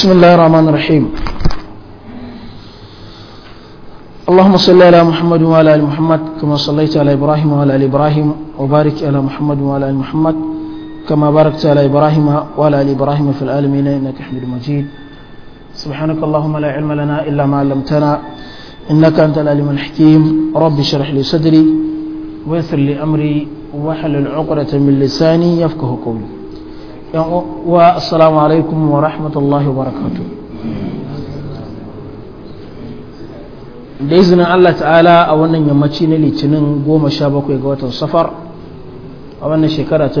بسم الله الرحمن الرحيم اللهم صل على محمد وعلى ال محمد كما صليت على ابراهيم وعلى ال ابراهيم وبارك على محمد وعلى ال محمد كما باركت على ابراهيم وعلى ال ابراهيم في العالمين انك حميد مجيد سبحانك اللهم لا علم لنا الا ما علمتنا انك انت العليم الحكيم رب اشرح لي صدري ويسر لي امري واحلل عقدة من لساني يفقه قولي wa assalamu alaikum wa rahmatullahi wa barakatu da izinin Allah ta'ala a wannan yammaci na litinin goma sha bakwai ga watan safar a wannan shekara ta 1431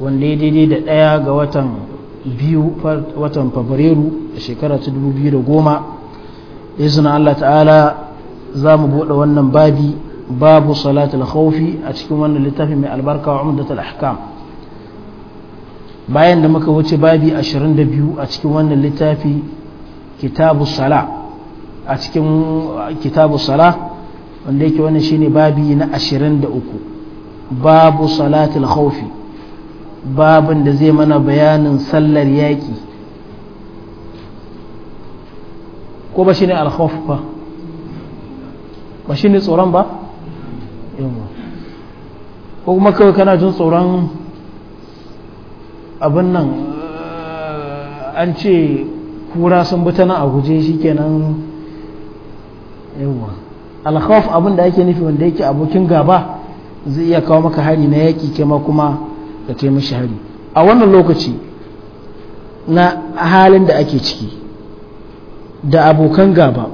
wanda ya daidai da ɗaya ga watan biyu watan fabrairu a shekara ta 2010 da izinin Allah ta'ala za mu buɗe wannan babi babu salatul khawfi a cikin wannan littafin mai albarka wa umdatul ahkam bayan da muka wuce babi 22 a cikin wannan littafi kitabu sala a cikin kitabu sala wanda yake wannan babi na 23 babu salatul khawfi babin da zai mana bayanin sallar yaƙi ko ba al ba tsoron ba ko kuma kawai kana jin tsoron abin nan eh, an ce kura sun bi ta nan a guje shi kenan yawa alkhawf abin da ake nufi wanda yake abokin gaba zai iya kawo maka hari na yaƙi kema kuma ka kai mashi hari a wannan lokaci na halin da ake ciki da abokan gaba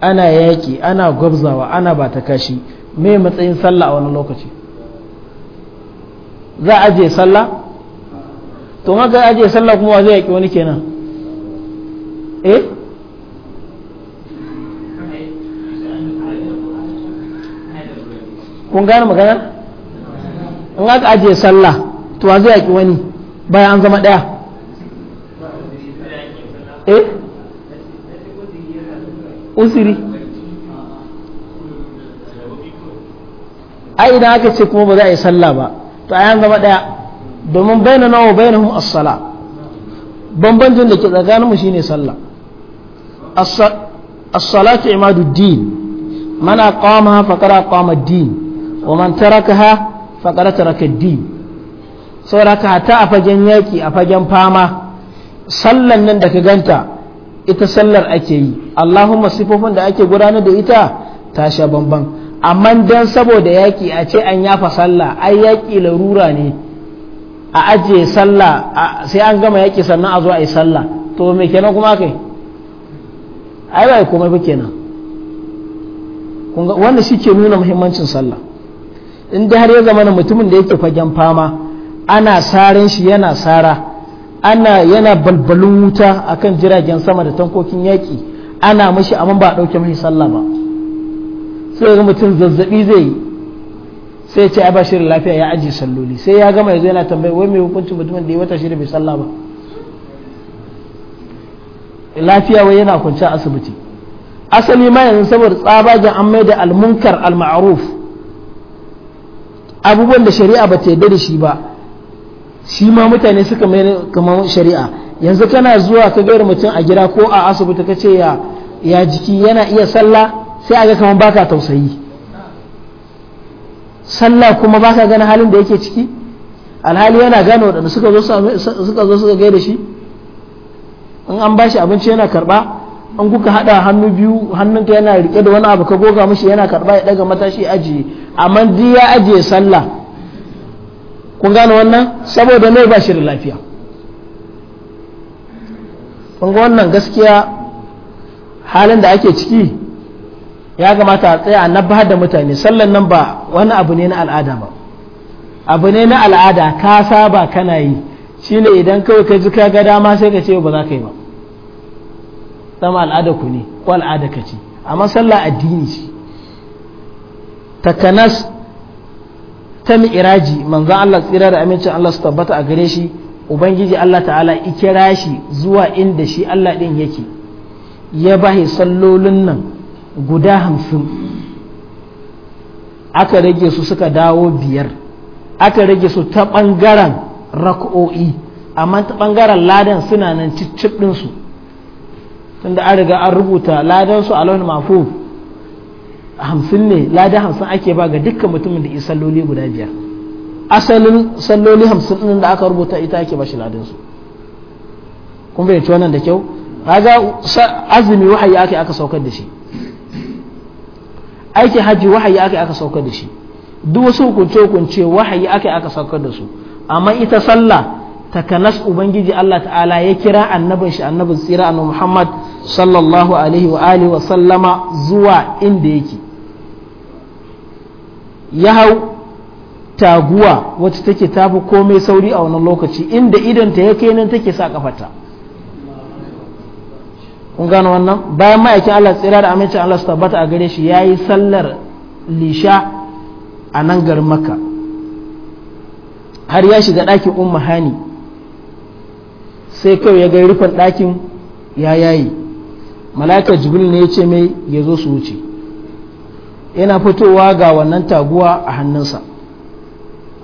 ana yaƙi ana gwabzawa ana ba ta kashi me matsayin sallah a wani lokaci za a ajiye sallah to haka ajiye sallah kuma wa zai yaƙi wani kenan eh kun gane magana in aka ajiye sallah to wa zai yaƙi wani bayan an zama ɗaya eh usiri ai idan aka ce kuma ba za a yi sallah ba to a yanzu zama daya domin na nawa bayna hum as-sala bambancin da ke tsakaninmu shine sallah as-salatu imaduddin man aqamaha faqad aqama ad-din wa man tarakaha qara taraka ad-din saboda ta a fagen yaki a fagen fama sallan nan da ka ganta ita sallar ake yi allahumma sifofin da ake gudanar da ita ta sha bamban amma dan saboda yaƙi a ce an yafa sallah ai yaƙi larura ne a ajiye sallah sai an gama yaƙi sannan a zo a yi sallah to me kenan kuma kai ai bai komai ba kenan wanda shi ke nuna muhimmancin sallah in da har ya zama na mutumin da yake fagen fama ana sarin shi yana sara ana yana balbalin wuta akan jiragen sama da tankokin yaƙi ana mashi amma ba a ɗauke mai sallah ba sai ga mutum zazzabi zai yi sai ce a bashir lafiya ya ajiye salloli sai ya gama yanzu yana tambayi wai mai hukuncin mutumin da ya wata shida bai sallah ba lafiya wai yana kwanci asibiti asali ma yanzu saboda tsabagen an mai da almunkar alma'aruf abubuwan da shari'a ba ta yarda da shi ba shi ma mutane suka mai kamar shari'a yanzu kana zuwa ka gaira mutum a gida ko a asibiti ka ce ya jiki yana iya sallah sai a ga kamar ka tausayi sallah kuma ba ka gani halin da yake ciki alhali yana gane waɗanda suka zo suka gaida shi in an ba shi abinci yana karba an kuka haɗa hannu biyu hannunka yana rike da wani abu ka goga mishi yana karɓa ya ɗaga matashi ajiye amma duk ya ajiye sallah kun gane wannan saboda mai shi da lafiya kun wannan gaskiya halin da ake ciki ya kamata a tsaya na ba da mutane sallan nan ba wani abu ne na al'ada ba abu ne na al'ada ka saba kana yi shi ne idan kawai ka ji ka ga dama sai ka ce ba za ka yi ba zama al'ada ku ne ko al'ada ka ce amma sallah addini ce takanas ta mi'iraji manzon Allah tsira da amincin Allah su tabbata a gare shi ubangiji Allah ta'ala ikira shi zuwa inda shi Allah din yake ya bahi sallolin nan guda hamsin aka rage su suka dawo biyar aka rage su ta ɓangaren rak'o'i amma ta ɓangaren ladan suna nan cicciɓ ɗinsu tunda an riga an rubuta ladansu a launin mafu hamsin ne ladan hamsin ake ba ga dukkan mutumin da salloli guda biyar asalin salloli hamsin ɗin da aka rubuta ita ake ba shi ladansu kun bai wannan da kyau kaga azumi wahayi ake aka saukar da shi aikin hajji wahayi aka aka saukar da shi duk wasu hukunce hukunce wahayi aka aka saukar da su amma ita sallah ta kanas ubangiji Allah ta'ala ya kira annabin shi annabin tsira annabi Muhammad sallallahu alaihi wa alihi wa sallama zuwa inda yake ya hau taguwa wacce take tafi komai sauri a wannan lokaci inda idanta ya kai nan take sa kafata. kun gano wannan bayan ma'aikin Allah tsira da amincin Allah su tabbata a gare shi yayi sallar lisha a nan garin Makka har ya shiga ɗakin Umma Hani sai kawai ya ga rufin ɗakin ya yayi malaka jibril ne ya ce mai ya zo su wuce yana fitowa ga wannan taguwa a hannunsa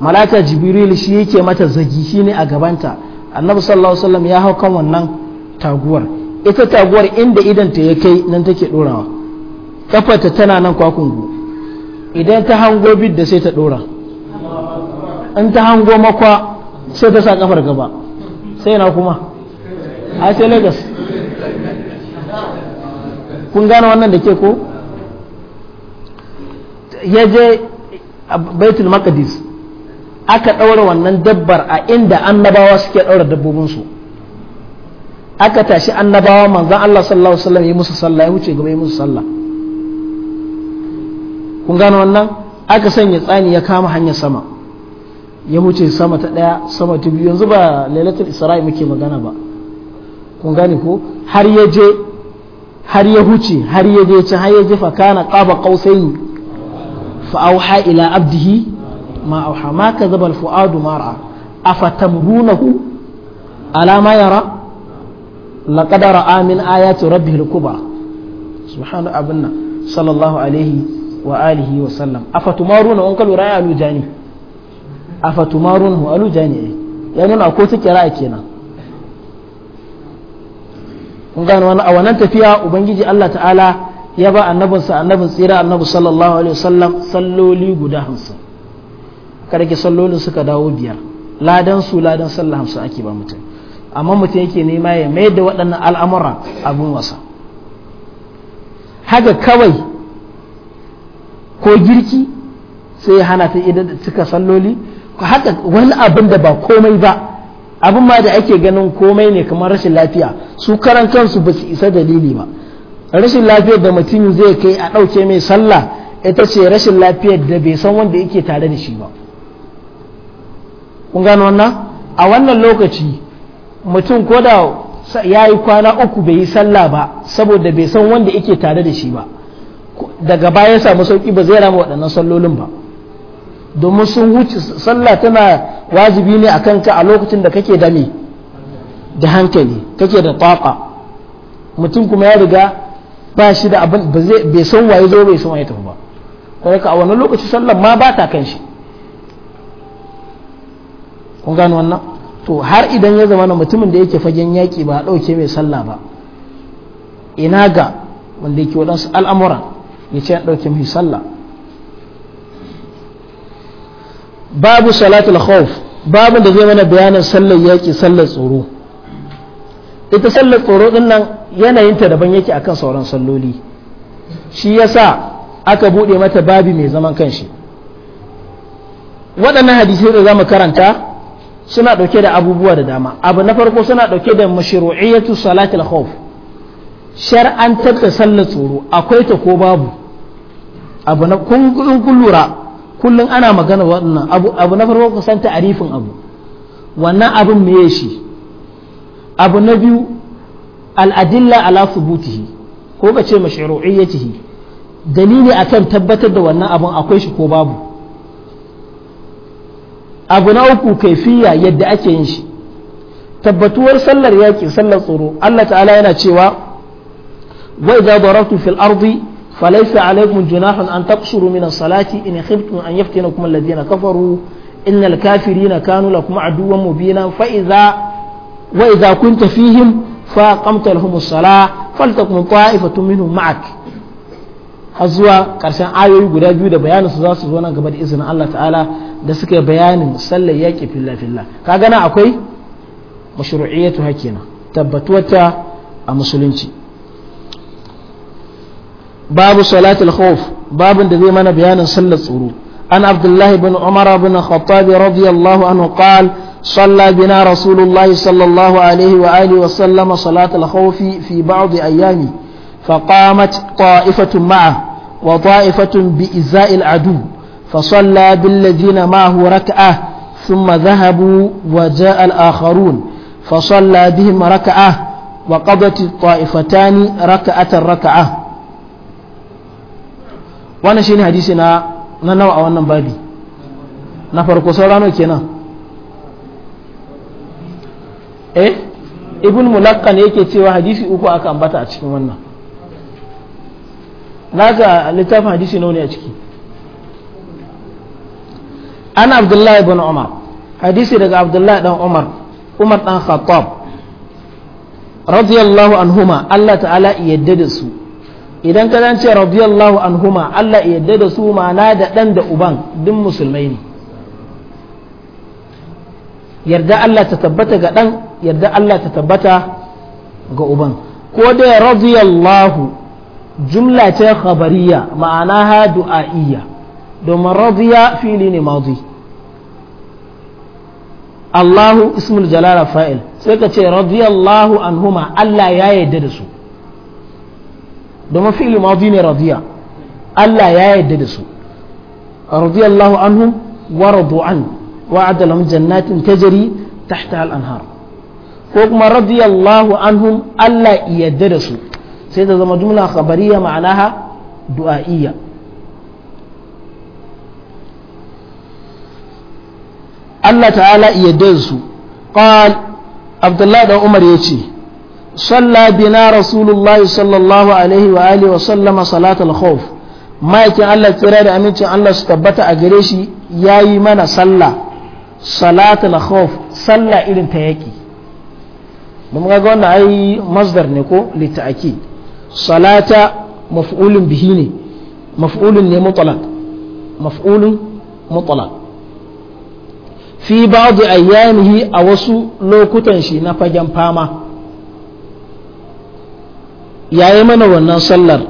malaka jibril shi yake mata zagi shi ne a gabanta annabi sallallahu alaihi ya hau kan wannan taguwar ita taguwar inda idanta ya kai nan take ɗorawa ƙafarta tana nan kwakungu idan ta hango bid da sai ta ɗora in ta hango makwa sai ta sa kafar gaba sai na kuma a sai lagos kun gane wannan da ke ko ya je baitul maqdis aka ɗaura wannan dabbar a inda annabawa suke ɗaura dabbobinsu aka tashi annabawa manzan Allah sallallahu alaihi wasallam ya musu sallah ya wuce gaba ya musu sallah kun gano wannan aka sanya tsani ya kama hanyar sama ya wuce sama ta daya sama ta biyu yanzu ba lailatul isra'i muke magana ba kun gane ko har ya je har ya huce har ya je can har ya je fa qaba qausaini fa auha ila abdihi ma auha ma kadhaba al fuadu ma afatamrunahu ala ma yara laqad ra'a min ayati rabbihil kubra subhana abinna sallallahu alaihi wa alihi wa sallam afatumaruna an kalu ra'a alujani afatumaruna alujani ya nuna ko ta kira kenan kun gane wani a wannan tafiya ubangiji Allah ta'ala ya ba annabinsa annabin tsira annabi sallallahu alaihi wasallam salloli guda hamsin karki sallolin suka dawo biyar ladan su ladan sallah hamsin ake ba mutum amma mutum yake nema ya mai da waɗannan al'amura abin wasa haka kawai ko girki sai hana ta idan cika salloli haka wani abin da ba komai ba abin ma da ake ganin komai ne kamar rashin lafiya su karan kansu ba su isa dalili ba rashin lafiyar da mutum zai kai a ɗauke mai sallah ita ce rashin lafiyar da bai san wanda yake tare da shi ba kun gano wannan a wannan lokaci mutum ko da ya yi kwana uku bai yi sallah ba saboda bai san wanda yake tare da shi ba daga baya samu sauki ba zai rama waɗannan sallolin ba domin sun wuce sallah tana wajibi ne a kanka a lokacin da kake da da hankali kake da tsafa mutum kuma ya riga ba shi da abin bai san waye zo bai san waye tafi ba kuma ka a wannan lokaci sallar ma ba ta kan shi kun gano wannan to har idan ya zama na mutumin da yake fagen yaƙi ba ɗauke mai sallah ba ina ga wanda yake waɗansu al'amura ya ce ɗauke mai sallah babu salatul khawf babu da zai mana bayanin sallar yaƙi sallar tsoro ita sallar tsoro ɗin nan yanayinta daban yake akan sauran salloli shi yasa aka buɗe mata babi mai zaman kanshi waɗannan hadisai da za mu karanta suna ɗauke da abubuwa da dama abu na farko suna ɗauke da mashru'iyatu salatul khawf shar'antar da sallar tsoro akwai ta ko babu abu na kun kun lura kullun ana magana wannan abu abu na farko kusan ta'arifin abu wannan abun meye shi abu na biyu al'adilla ala subutihi ko ka ce mashru'iyyatihi dalili akan tabbatar da wannan abun akwai shi ko babu abu na uku kaifiya yadda ake yin shi tabbatuwar sallar yaƙi sallar tsoro Allah ta'ala yana cewa wa idza darabtu fil ardi falaysa alaykum junahun an taqsuru min as-salati in khiftum an yaftinakum alladhina kafaru innal kafirina kanu lakum aduwwan mubina fa idza wa idza kunta fihim fa aqamta lahum as-salah faltakum ta'ifatun minhum ma'ak har zuwa karshen ayoyi guda biyu da bayanin su za su zo nan gaba da izinin Allah ta'ala da suka yi bayanin sallar yaƙi filla filla ka gana akwai mashru'iyatu hakina tabbatuwata a musulunci babu salatul khawf babin da zai mana bayanin sallar tsoro an abdullahi bin umar bin khattab radiyallahu anhu qal صلى بنا رسول الله صلى الله عليه وآله وسلم صلاة الخوف في بعض أيامه فقامت طائفة معه وطائفة بإزاء العدو فصلى بالذين معه ركعة ثم ذهبوا وجاء الآخرون فصلى بهم ركعة وقضت الطائفتان ركعة ركعة وانا شيني حديثنا ننوع وانا بابي نفرق سورانو كنا eh ibn mulakkan yake cewa hadisi uku aka ambata a cikin wannan na ga littafin hadisi nawa ne a ciki ana abdullahi ibn umar hadisi daga abdullahi dan umar umar dan khattab radiyallahu anhuma Allah ta'ala yadda da su idan ka ce radiyallahu anhuma Allah yadda da su ma'ana da dan da uban duk musulmai ne yarda Allah ta tabbata ga dan yarda Allah ta tabbata ga uban ko da radiyallahu jumla ce khabariya ma'ana ha du'a'iyya domin radiya fili ne madi Allahu ismul jalala fa'il sai ka ce radiyallahu anhuma Allah ya yarda da su domin fi'il madi ne radiya Allah ya yarda da su radiyallahu anhum wa radu an wa'ada lahum jannatin tajri tahtaha al-anhar ko kuma radiyallahu anhum Allah yarda da su sai ta zama jumla khabariya ma'anaha du'a'iyya Allah ta'ala iya da su qal abdullahi da umar yace salla bina rasulullah sallallahu alaihi wa alihi wa sallama salatul khawf ma'aikin Allah tsira da amincin Allah su tabbata a gare shi yayi mana sallah salatul khawf sallah irin ta yaki mun ga wannan ai masdar ne ko lita'akid salata maf'ulun bihi ne maf'ulun ne mutlaq maf'ulun mutlaq fi ba'd ayyanihi a wasu lokutan shi na fagen fama ya yi mana wannan sallar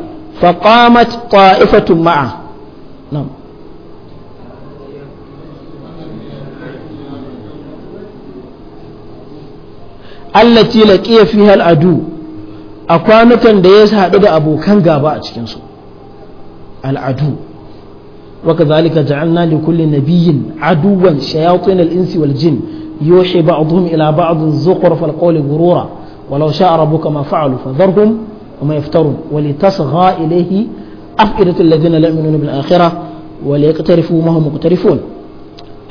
fa ƙwa’ifatun ma’a ma'a na'am allati laqiya fi al'adu a kwanukan da ya haɗu da abokan gaba a cikinsu al'adu وكذلك جعلنا لكل نبي عدوا شياطين الإنس والجن يوحي بعضهم إلى بعض الزخرف القول غرورا ولو شاء ربك ما فعلوا فذرهم وما يفترون ولتصغى إليه أفئدة الذين لا يؤمنون بالآخرة وليقترفوا ما هم مقترفون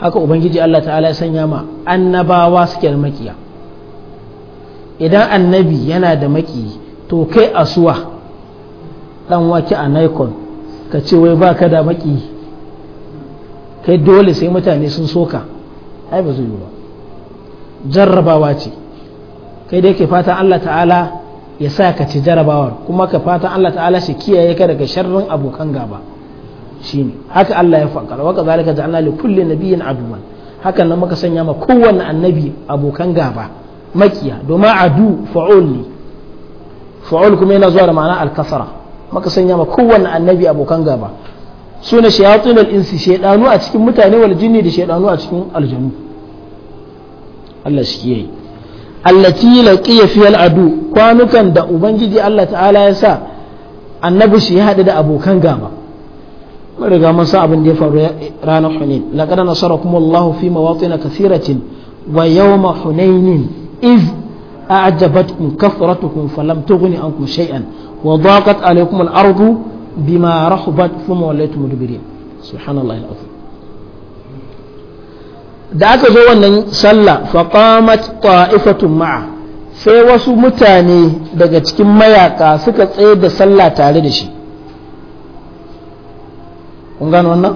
haka ubangiji Allah ta'ala ya sanya ma annabawa suke da makiya idan annabi yana da maki to kai asuwa dan wake a nikon ka ce wai baka da maki kai dole sai mutane sun soka ai ba zai yi ba jarrabawa ce kai dai ke fatan Allah ta'ala ya sa ka ci jarrabawar kuma ka fatan Allah ta'ala shi kiyaye ka daga sharrin abokan gaba shine haka Allah ya faɗa wa kazalika ja'alna li kulli nabiyyin aduwan hakan nan muka sanya ma kowanne annabi abokan gaba makiya domin adu fa'ul ne fa'ul kuma yana zuwa da ma'ana al-kasara muka sanya ma kowanne annabi abokan gaba su ne shayatun al'insi shaidanu a cikin mutane wal jinni da shaidanu a cikin aljanu Allah shi yi allati laqiya fi al'adu kwanukan da ubangiji Allah ta'ala ya sa annabi shi ya hada da abokan gaba mun riga mun sa abin da ya faru ranar hunain laqad nasarakum Allahu fi mawatin kathiratin wa yawma hunainin iz a'jabatkum kathratukum falam tughni ankum shay'an wa daqat alaykum al-ardu بما رحبت ثم وليت مدبرين سبحان الله العظيم da aka zo wannan sallah faqamat ta'ifatun ma'a sai wasu mutane daga cikin mayaka suka tsaye da sallah tare da shi kun gano wannan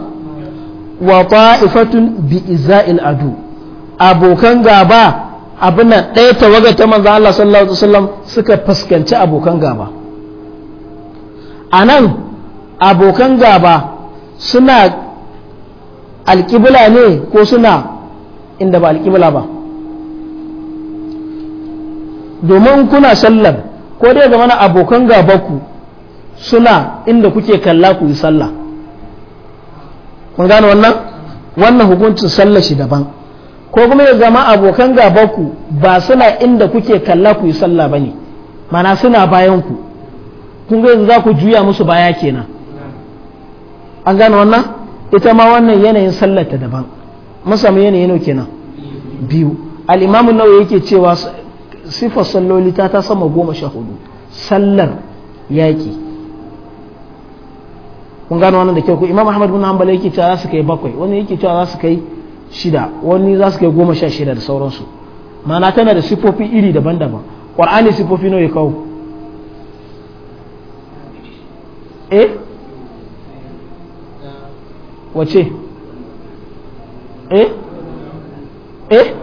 wa ta'ifatun bi iza'il adu abokan gaba abin nan ɗaya tawaga ta manzo Allah sallallahu alaihi wasallam suka fuskanci abokan gaba anan abokan gaba suna alƙibla ne ko suna inda ba alƙibla ba domin kuna sallar ko dai ga mana abokan ku suna inda kuke kalla ku yi sallah kun gane wannan wannan hukuncin sallah shi daban ko kuma ya zama abokan ku ba suna inda kuke kalla ku yi sallah ba ne mana suna bayan ku kun ga yanzu za ku juya musu baya kenan an gane wannan ita ma wannan yanayin sallar ta daban mun samu yanayi nau kenan biyu al'imamun nawa yake cewa sifar salloli ta ta sama goma sha hudu sallar yaƙi kun gano wannan da kyau ku imam ahmad bin hanbal yake cewa za su kai bakwai wani yake cewa za su kai shida wani za su kai goma sha shida da sauransu ma'ana tana da sifofi iri daban-daban ƙwar'ani sifofi nawa ya kawo eh wace ايه ايه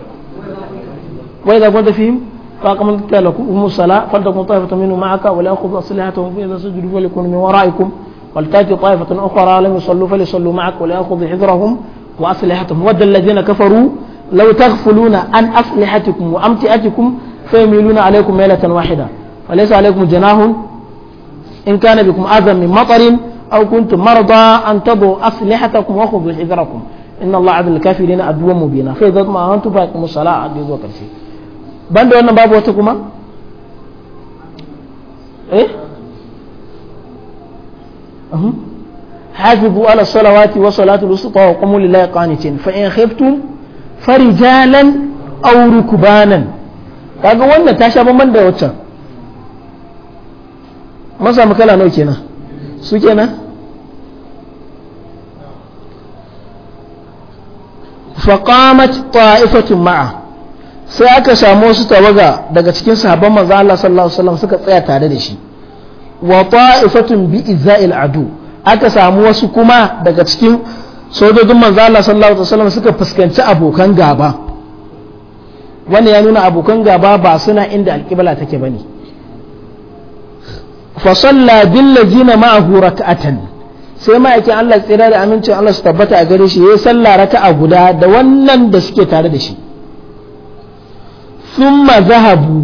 واذا da فيهم fihim فأقم لكم الصلاة فلتكن طائفة منهم معك وليأخذوا أسلحتهم فإذا سجدوا فليكونوا من ورائكم ولتأتي طائفة أخرى لم يصلوا فليصلوا معك وليأخذوا حذرهم وأسلحتهم ود الذين كفروا لو تغفلون عن أسلحتكم وأمتئتكم فيميلون عليكم ميلة واحدة فليس عليكم جناح إن كان بكم أذى من مطر أو كنتم مرضى أن تضعوا أسلحتكم وخذوا حذركم إن الله عبد الكافرين عدو مبين فإذا ما أنتم فأقيموا الصلاة عبد ذكر شيء بند وأنا باب وتكما إيه أه. حافظوا على الصلوات والصلاة الوسطى وقوموا لله قانتين فإن خفتم فرجالا أو ركبانا kaga wannan ta sha bamban da waccan masa makala nawa kenan su kenan faƙamat ta'ifatun ma'a sai aka samu wasu tawaga daga cikin sahabban manzo Allah sallallahu alaihi wasallam suka tsaya tare da shi wa ta'ifatun bi izza'il adu aka samu wasu kuma daga cikin sojojin manzo Allah sallallahu alaihi wasallam suka fuskanci abokan gaba wanda ya nuna abokan gaba ba suna inda alƙibla take bane fa salla bil ma'ahu rak'atan sai ma'aikin Allah tsira da amincin Allah su tabbata a gare shi ya sallah raka'a guda da wannan da suke tare da shi thumma zahabu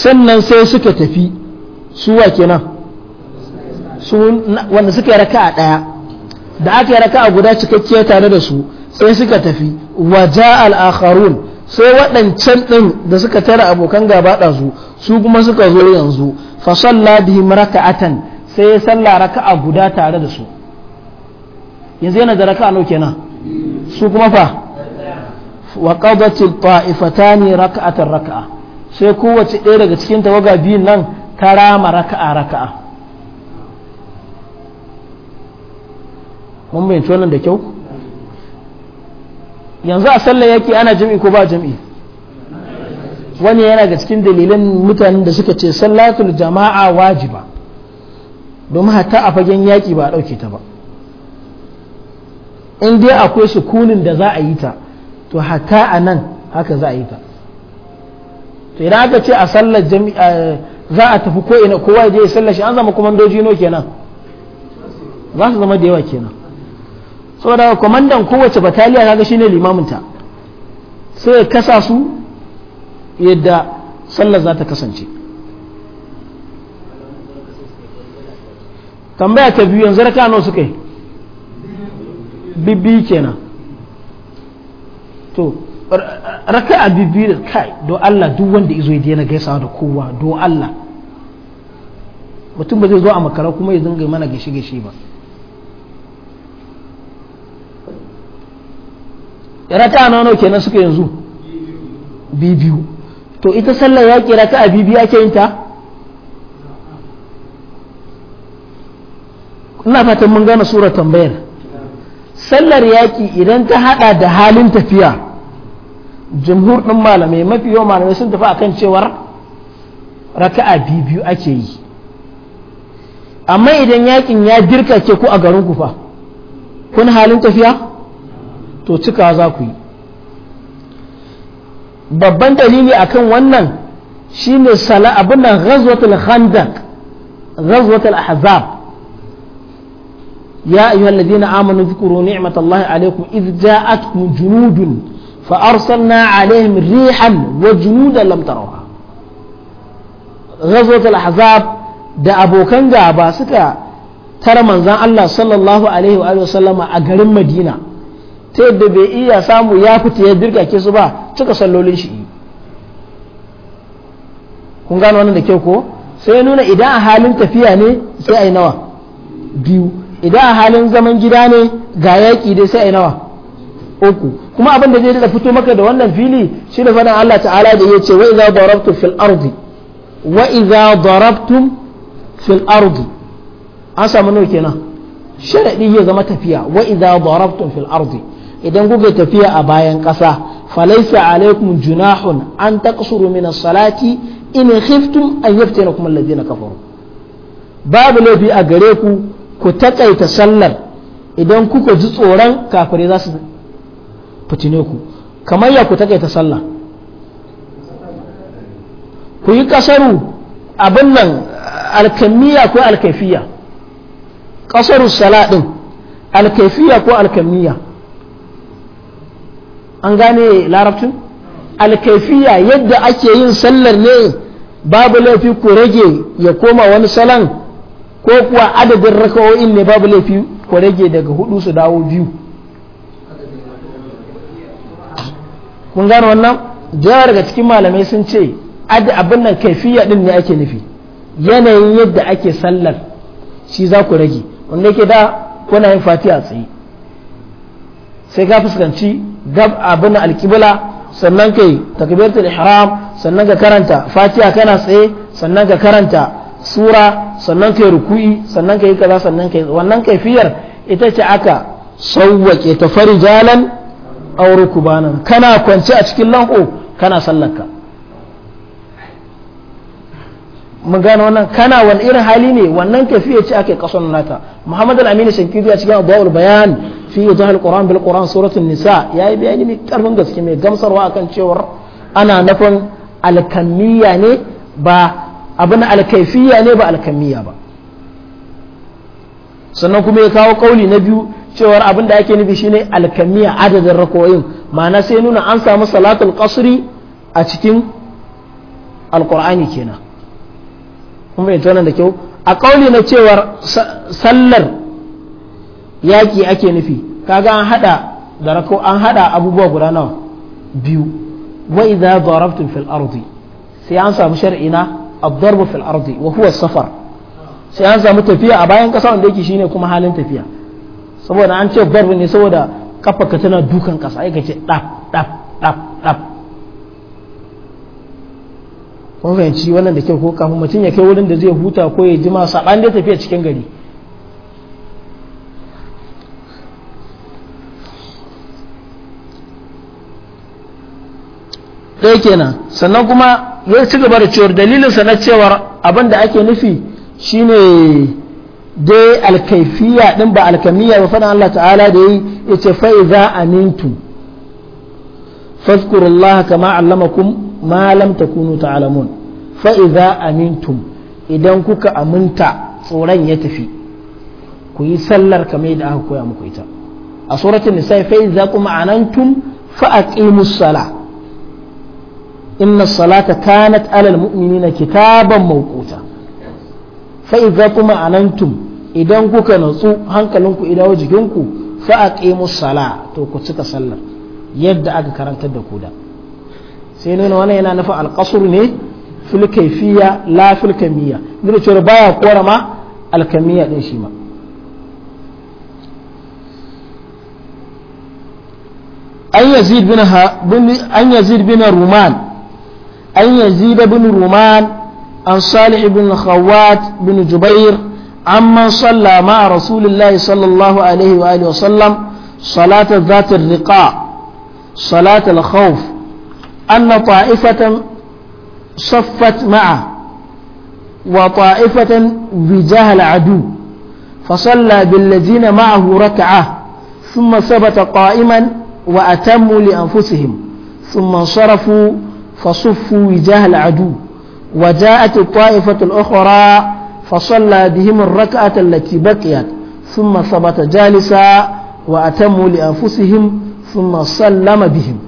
sannan sai suka tafi su wa kenan su wanda suka yi raka'a daya da aka yi raka'a guda cikakke tare da su sai suka tafi waja al akharun sai waɗancan ɗin da suka tara abokan gaba su su kuma suka zo yanzu fa salla bihim raka'atan sai ya salla raka'a guda tare da su yanzu yana da raka'a nawa kenan su kuma fa wa qadatil ta'ifatani raka'atan raka'a sai kowace ɗaya daga cikin tawaga biyun nan ta rama raka'a raka'a mun bayyance wannan da kyau yanzu a sallah yake ana jami'i ko ba jami'i wani yana ga cikin dalilan mutanen da suka ce sallatul jama'a wajiba domin hatta a fagen yaƙi ba a ɗauke ta ba in dai akwai sukunin da za a yi ta to hatta a nan haka za a yi ta to idan aka ce a sallar za a tafi ko ina kowa je ya sallar shi an zama komandoji no kenan za su zama da yawa kenan saboda kwamandan kowace bataliya kaga shine limaminta sai ya kasa su yadda sallar za ta kasance tambaya ta biyu yanzu raka nawa suka yi bibbi kenan to raka a bibbi da kai don Allah duk wanda izo ya daina gaisawa da kowa don Allah mutum ba zai zo a makara kuma ya dinga mana gishi gishi ba raka nawa kenan suka yanzu bibiyu to ita sallar yaƙi raka a bibiyu ake yin ta ina fatan mun gane sura tambayar sallar yaƙi idan ta haɗa da halin tafiya jumhur ɗin malamai mafi yawan malamai sun tafi akan cewar raka'a biyu ake yi amma idan yaƙin ya girka ke ku a garin ku fa kun halin tafiya to cika za ku yi babban dalili akan wannan shine sala abin nan ghazwatul khandaq ghazwatul ahzab يا أيها الذين آمنوا اذكروا نعمة الله عليكم إذ جاءتكم جنود فأرسلنا عليهم ريحا وجنودا لم تروها غزوة الأحزاب da abokan gaba suka tara manzan Allah sallallahu alaihi wa sallama a garin Madina ta yadda bai iya samu ya fita ya dirkake su ba cika sallolin shi kun gano wannan da kyau ko sai nuna idan a halin tafiya ne sai a yi nawa biyu idan a halin zaman gida ne ga yaƙi dai sai a nawa uku kuma abin da zai da fito maka da wannan fili shi da faɗin Allah ta'ala da ya ce wa idza darabtum fil ardi wa idza darabtum fil ardi an samu nawa kenan sharadi ya zama tafiya wa idza darabtum fil ardi idan kuka tafiya a bayan ƙasa falaisa alaikum junahun an taqsuru min as-salati in khiftum an yaftinakum alladhina kafaru babu laifi a gare ku ku taƙaita sallar idan kuka ji tsoron kafirai za su fitine ku kamar ya ku taƙaita sallah ku yi ƙasaru abin nan alkamiya ko alkaifiya ƙasaru saladin alkaifiya ko alkamiya an gane larabcin alkaifiya yadda ake yin sallar ne babu laifi ku rage ya koma wani salon ko kuwa adadin raka'o'in ne babu laifi ko rage daga hudu su dawo biyu kun gano wannan jawar daga cikin malamai sun ce abin nan kaifiya din ne ake nufi yanayin yadda ake sallar shi za ku rage wanda yake da kuna yin fatiha tsaye sai ka fuskanci gab abin alkibla sannan kai takbiratul ihram sannan ka karanta fatiha kana tsaye sannan ka karanta sura sannan kai ruku'i sannan kai kaza sannan kai wannan kaifiyar ita ce aka sauwake ta farijalan aw rukubanan kana kwance a cikin lanko kana sallarka mun gano wannan kana wani irin hali ne wannan kafiya ce ake kason nata muhammad al-amin shankiri a cikin abawul bayan fi al qur'an bil qur'an suratul nisa yayi bayani mai karfin gaske mai gamsarwa akan cewar ana al-kamiyya ne ba abin alkaifiya ne ba alkamiya ba sannan kuma ya kawo kauli na biyu cewar abin da ake nufi shine alkamiya adadin rakoyin ma'ana sai nuna an samu salatul qasri a cikin alkur'ani kenan kuma bai wannan da kyau a kauli na cewar sallar yaki ake nufi kaga an hada da rako an hada abubuwa guda nawa biyu wa idza darabtum fil ardi sai an samu shar'ina ad-darbu fil ardi wa safar sai an samu tafiya a bayan ƙasa wanda yake ne kuma halin tafiya saboda an ce darbu ne saboda kafa ka tana dukan ƙasa ai ce dab dab dab dab kun fahimci wannan da kyau ko kafin mutum ya kai wurin da zai huta ko ya jima saɓan da tafiya cikin gari ɗaya kenan sannan kuma ya ci gaba da cewar dalilinsa na cewar abin da ake nufi shine dai alkaifiya din ba alkamiya ba fadan Allah ta'ala da yi ya ce fa'iza amintu fazkurullaha kama allamakum ma lam takunu ta'alamun fa'iza amintum idan kuka aminta tsoron ya tafi ku yi sallar kamar yadda aka koya muku ita a suratul nisa fa'iza kuma anantum fa aqimus salah inna salata kanat alal mu'minina kitaban mawquta fa idza kuma anantum idan kuka natsu hankalinku idawo jikinku fa aqimu sala to ku cika sallar yadda aka karantar da ku da sai nuna wannan yana nufin alqasr ne fil kayfiyya la fil kamiyya dole cewa baya kora ma alkamiyya shi ma an yazid bin ruman أن يزيد بن رومان عن صالح بن خوات بن جبير عمن صلى مع رسول الله صلى الله عليه وآله وسلم صلاة ذات الرقاء صلاة الخوف أن طائفة صفت معه وطائفة بجاه العدو فصلى بالذين معه ركعة ثم ثبت قائما وأتموا لأنفسهم ثم انصرفوا فصفوا وجاه العدو وجاءت الطائفة الأخرى فصلى بهم الركعة التي بقيت ثم ثبت جالسا وأتموا لأنفسهم ثم سلم بهم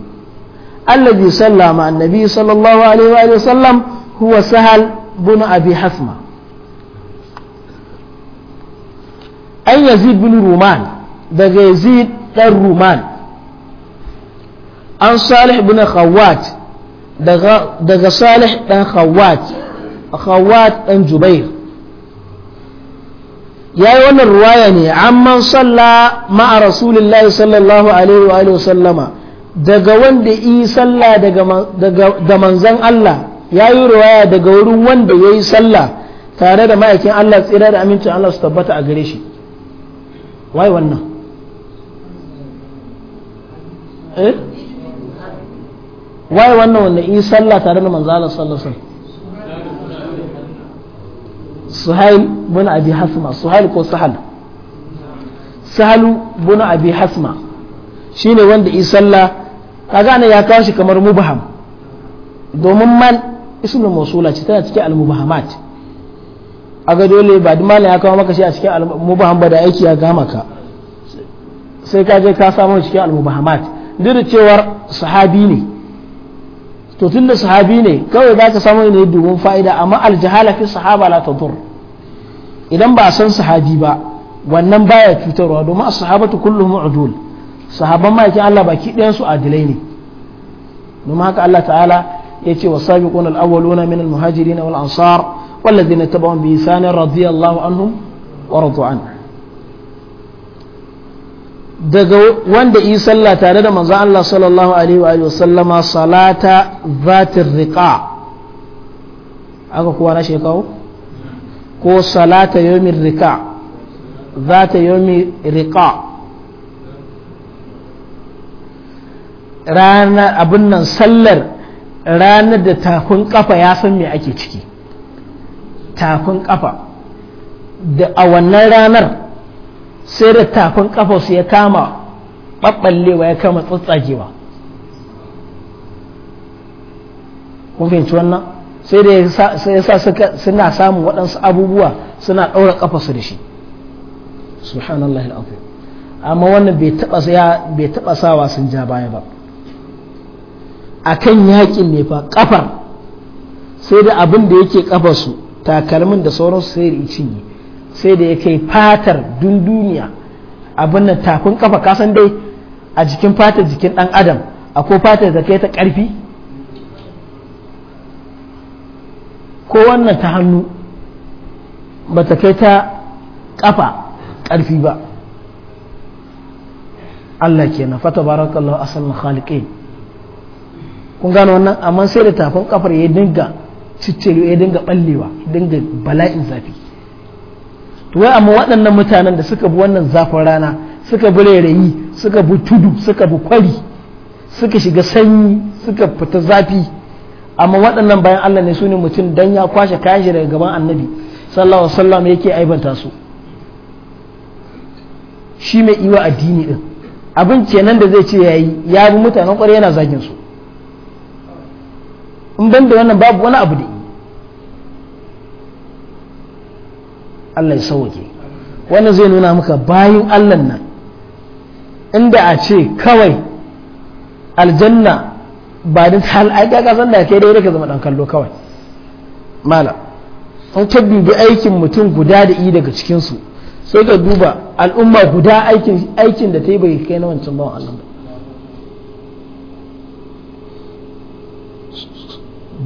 الذي صلى مع النبي صلى الله عليه وآله وسلم هو سهل بن أبي حثمة أن يزيد بن رومان ذا يزيد الرومان عن صالح بن خوات daga salih ɗan khawat khawat ɗan jubair ya yi wannan ruwaya ne amman salla ma'a rasulullahi sallallahu alaihi wa sallama daga wanda yi salla da manzan Allah ya yi ruwaya daga wurin wanda ya yi salla tare da ma'aikin Allah tsira da amincin Allah su tabbata a gare shi wai wannan eh waye wannan wanda yi sallah tare da manzo Allah sallallahu alaihi wasallam Suhail bin Abi Hasma Suhail ko Sahal Sahalu bin Abi Hasma shine wanda yi sallah kaga ne ya kawo shi kamar mubaham domin man ismul mawsula ce tana cikin al-mubahamat aga dole ba duk malam ya kawo maka shi a cikin al-mubaham ba da aiki ya gama ka sai ka je ka samu cikin al-mubahamat duk da cewar sahabi ne to tunda sahabi ne kawai za ka samu ne domin fa'ida amma aljahala fi sahaba la tadur idan ba a san sahabi ba wannan baya cutarwa domin as-sahabatu kulluhum udul sahaban ma'aikin Allah baki ɗayan su adilai ne domin haka Allah ta'ala ya ce wa sabiquna al-awwaluna min al-muhajirin wal ansar والذين تبعهم بإحسان رضي الله anhu ورضوا عنه daga wanda yi sallah tare da manzon Allah sallallahu alaihi wa sallama salata zatir riqa aka kuwa na shekau ko salata yomin riqa zata yomin riqa ranar abin nan sallar ranar da tafin kafa ya san me ake ciki tafin kafa da a wannan ranar sai da tafin kafarsu ya kama ɓaɓɓallewa ya kama tsatsagewa kun fahimci wannan sai da ya sa suna samun waɗansu abubuwa suna ɗaura ƙafarsu da shi subhanallah al'afiyar amma wannan bai taɓa sawa sun ja baya ba a kan yaƙin ne fa ƙafar sai da abin da yake ƙafarsu takalmin da sauransu sai da cinye sai da ya kai fatar dunduniya abin nan takun kafa kasan dai a jikin fatar jikin dan adam a ko fatar da kai ta karfi ko wannan ta hannu ba ta kai ta ƙafa karfi ba Allah kenan fata barakallahu asalin khaliqin kun gano wannan amma sai da tafin kafar ya dinga ciccelu ya dinga ballewa dinga bala'in zafi to wai amma waɗannan mutanen da suka bi wannan zafin rana suka bi rairayi suka bi tudu suka bi kwari suka shiga sanyi suka fita zafi amma waɗannan bayan Allah ne su ne mutum dan ya kwashe kayan shi daga gaban annabi sallallahu alaihi wasallam yake aibanta su shi mai iwa addini din abin kenan da zai ce yayi ya bi mutanen kwarai yana zagin su in ban da wannan babu wani abu da Allah ya sauke wannan zai nuna maka bayin Allah nan inda a ce kawai aljanna ba da hal aika kasan da kai dai ka zama dan kallo kawai mala an ka dubi aikin mutum guda da i daga cikin su sai ka duba al'umma guda aikin aikin da ta yi bai kai na wancan bawan Allah ba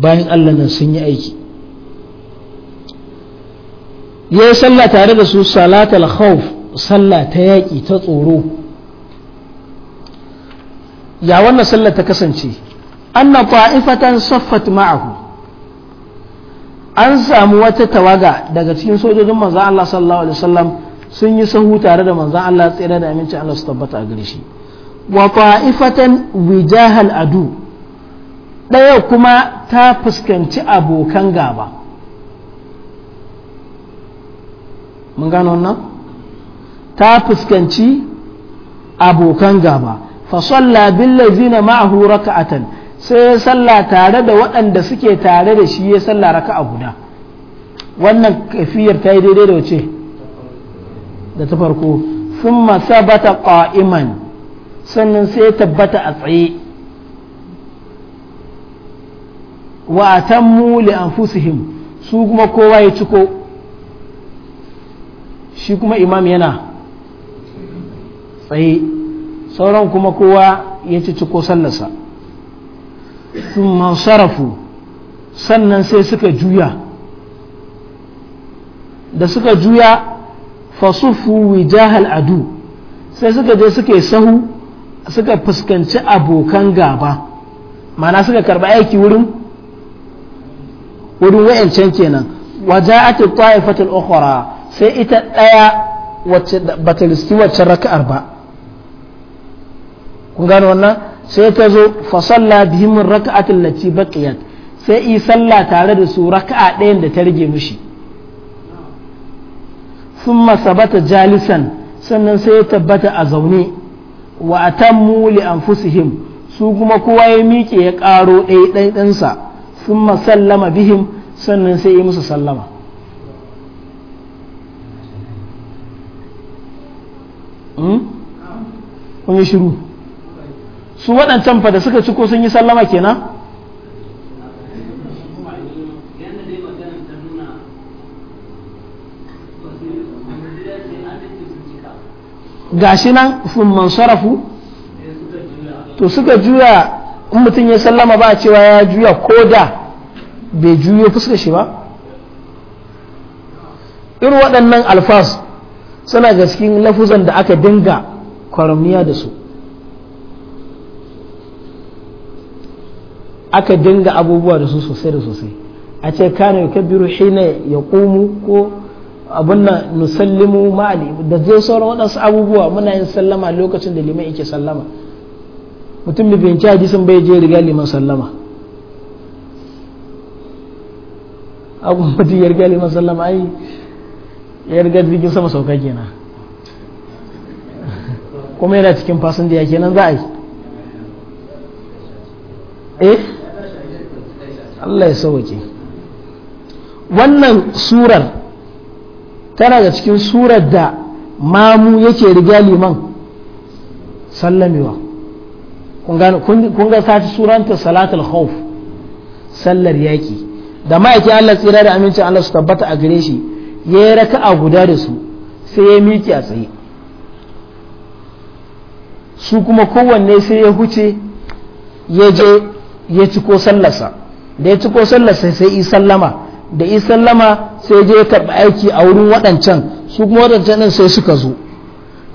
bayan Allah nan sun yi aiki ya yi sallah tare da su salatul khawf sallah ta yaƙi ta tsoro ya wannan sallah ta kasance anna ta'ifatan saffat ma'ahu an samu wata tawaga daga cikin sojojin manzan Allah sallallahu alaihi wasallam sun yi sahu tare da manzan Allah tsira da aminci Allah su tabbata a gare shi wa ta'ifatan wijahal adu ɗaya kuma ta fuskanci abokan gaba mun gano wannan ta fuskanci abokan gaba fa salla billazina ma'ahu raka'atan sai ya salla tare da waɗanda suke tare da shi ya salla raka'a guda wannan kafiyar ta yi daidai da wace da ta farko thumma sabata qa'iman sannan sai ya tabbata a tsaye wa atammu li anfusihim su kuma kowa ya ciko shi kuma imam yana tsaye sauran kuma kowa ya ci ko sallarsa sun sarafu sannan sai suka juya da suka juya fasufu wijahal adu sai suka je suka sahu suka fuskanci abokan gaba mana suka karba aiki wurin wurin wayancan kenan waje ake ta'ifatul ukhra sai ita ɗaya wacce ba ta wacce raka'ar ba kun gano wannan sai ta zo fa salla bihim raka'atul lati baqiyat sai yi salla tare da su raka'a ɗayan da ta rage mishi thumma sabata jalisan sannan sai ya tabbata a zaune wa atammu li anfusihim su kuma kowa ya miƙe ya ƙaro ɗaya ɗansa thumma sallama bihim sannan sai yi musu sallama Hmm? kun shiru su waɗancan fa da suka ci ko sun yi sallama kenan gashi nan sun mansarafu to suka juya in mutum ya sallama ba cewa ya juya ko da bai juyo fuskar shi ba irin waɗannan alfas suna ga cikin lafuzan da aka dinga kwaramniya da su aka dinga abubuwa da su sosai da sosai a ce kana yukabbiru hina ya komu ko abin nan nusallimu ma'ali da zai sauran waɗansu abubuwa muna yin sallama lokacin da liman yake sallama mutum da biyanci hadisin bai je riga liman sallama abu mutum ya riga liman sallama ai ya riga jirgin sama sauka kenan kuma yana cikin fasindiya kenan za a yi eh Allah ya sauke wannan surar tana da cikin surar da mamu yake riga liman sallamewa kun ga sati suranta salatul khawf sallar yaki da ma'aikin Allah tsira da amincin Allah su tabbata a gare shi ya yi raka'a guda da su sai ya miƙe a tsaye su kuma kowanne sai ya huce ya je ya ciko sallasa da ya ciko sallasa sai yi sallama da yi sallama sai je ya karɓi aiki a wurin waɗancan su kuma waɗancan ɗin sai suka zo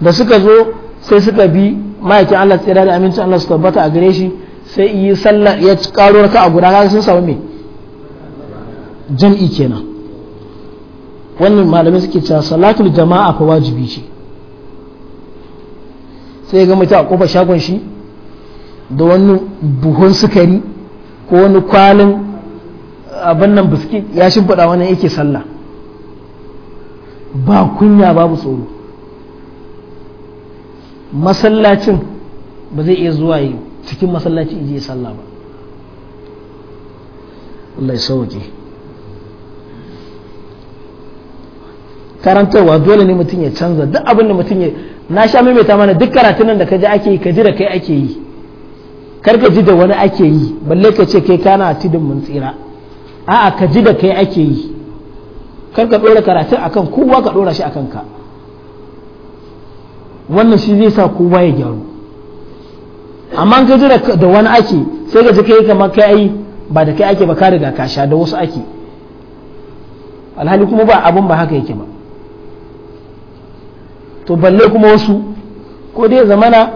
da suka zo sai suka bi ma'aikin Allah tsira da amincin Allah su tabbata a gare shi sai yi sallar ya karo raka a guda sun samu mai jam'i kenan wannan malamai suke cewa salatul jama'a fa wajibi ce sai ga mutum a kofar shagon shi da wani buhun sukari ko wani kwalin abin nan biskit ya shimfiɗa wannan yake sallah ba kunya babu tsoro masallacin ba zai iya zuwa yi cikin masallacin ije sallah ba Allah ya sauke karantarwa dole ne mutum ya canza duk abin da mutum ya na sha maimaita mana duk karatun nan da ka ji ake yi ka ji da kai ake yi kar ka ji da wani ake yi balle ka ce kai kana tudun mun tsira a'a ka ji da kai ake yi kar ka dora karatun akan kowa ka dora shi akan ka wannan shi zai sa kowa ya gyaru amma ka ji da wani ake sai ka ji kai kamar kai ba da kai ake ba ka riga ka sha da wasu ake alhali kuma ba abin ba haka yake ba to balle kuma wasu ko dai zamana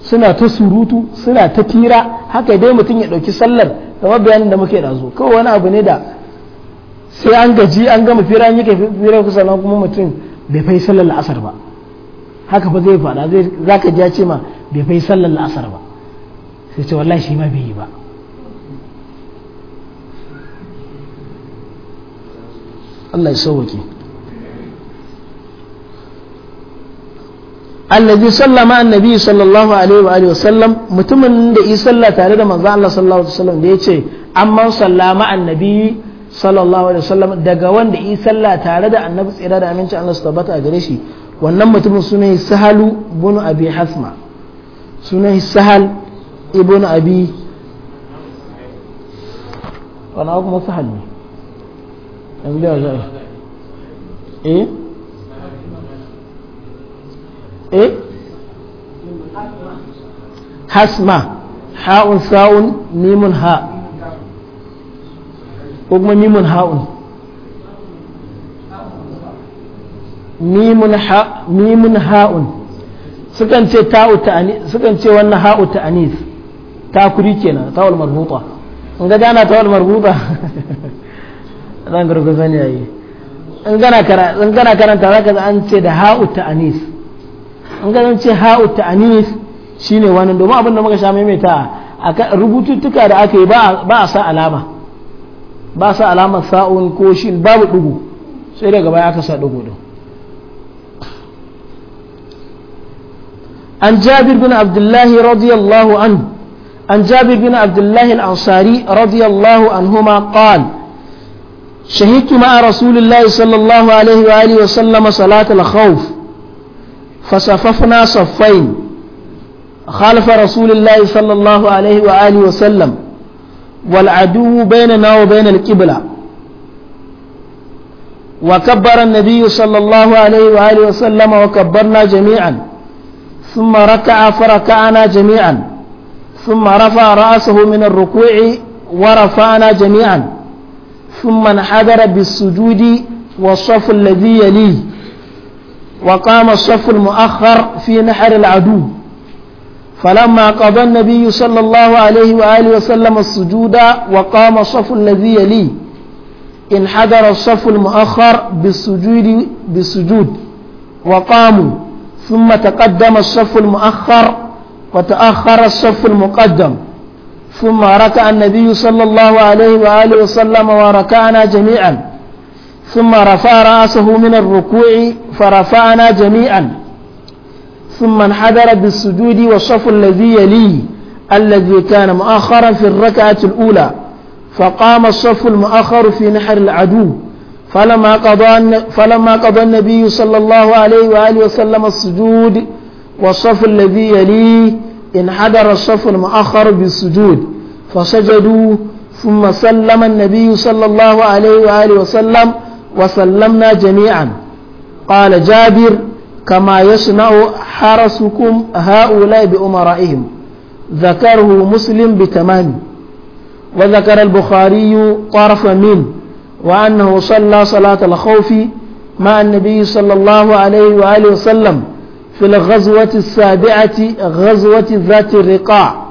suna ta surutu suna ta tira haka dai mutum ya ɗauki sallar kamar bayanin da muke ɗazu kawai wani abu ne da sai an gaji an gama fira an yi fira kusa nan kuma mutum bai fai sallar la'asar ba haka ba zai faɗa za ka ja ce ma bai fai sallar la'asar ba sai ce wallahi shi ma bai yi ba Allah ya sauwake allazi sallama annabi sallallahu alaihi wa sallam mutumin da yi sallah tare da manzo Allah sallallahu alaihi wasallam da yace amman sallama annabi sallallahu alaihi wasallam daga wanda yi sallah tare da annabi tsira da aminci Allah su tabbata a gare shi wannan mutumin sunan sahalu ibn abi hasma sunan sahal ibn abi wani kuma sahal ne eh eh hasma ha'un sa'un mimun ha ko kuma mimun ha'un mimun ha ha'un sukan ce ta'u ta'anis sukan ce wannan ha'u ta'anis ta kuri kenan ta'ul marbuta in ga gana ta'ul marbuta zan gargaza ne yayi in gana karanta zaka an ce da ha'u ta'anis an ga ce ha'u ta'anis shine wannan domin abin da muka sha maimaita a rubututtuka da aka yi ba a sa alama ba sa alama sa'un ko shi babu dugu sai daga baya aka sa dugu din عن جابر بن عبد الله رضي الله عنه عن جابر بن عبد الله الأنصاري رضي الله عنهما قال شهدت مع رسول الله صلى الله عليه وآله وسلم صلاة الخوف فصففنا صفين خلف رسول الله صلى الله عليه وآله وسلم والعدو بيننا وبين القبلة وكبر النبي صلى الله عليه وآله وسلم وكبرنا جميعا ثم ركع فركعنا جميعا ثم رفع رأسه من الركوع ورفعنا جميعا ثم انحدر بالسجود والصف الذي يليه وقام الصف المؤخر في نحر العدو فلما قضى النبي صلى الله عليه وآله وسلم السجود وقام الصف الذي يليه انحدر الصف المؤخر بالسجود بالسجود وقاموا ثم تقدم الصف المؤخر وتأخر الصف المقدم ثم ركع النبي صلى الله عليه وآله وسلم وركعنا جميعا ثم رفع رأسه من الركوع فرفعنا جميعا ثم انحدر بالسجود والصف الذي يليه الذي كان مؤخرا في الركعة الأولى فقام الصف المؤخر في نحر العدو فلما قضى فلما قضى النبي صلى الله عليه وآله وسلم السجود والصف الذي يليه انحدر الصف المؤخر بالسجود فسجدوا ثم سلم النبي صلى الله عليه وآله وسلم وسلمنا جميعا قال جابر كما يصنع حرسكم هؤلاء بأمرائهم ذكره مسلم بتمام وذكر البخاري طرف من وأنه صلى صلاة الخوف مع النبي صلى الله عليه وآله وسلم في الغزوة السابعة غزوة ذات الرقاع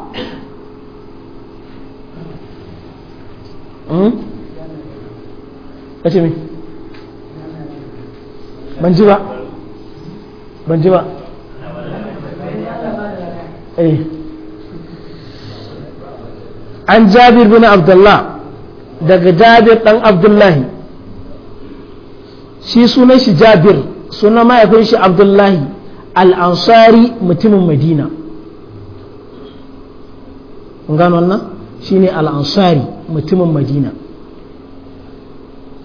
م? ban ji ba ban ji ba eh an jabir bin abdullah daga jabir dan abdullahi shi sunan shi jabir sunan mahaifin shi abdullahi al'ansari mutumin madina gano wannan shi ne al'ansari mutumin madina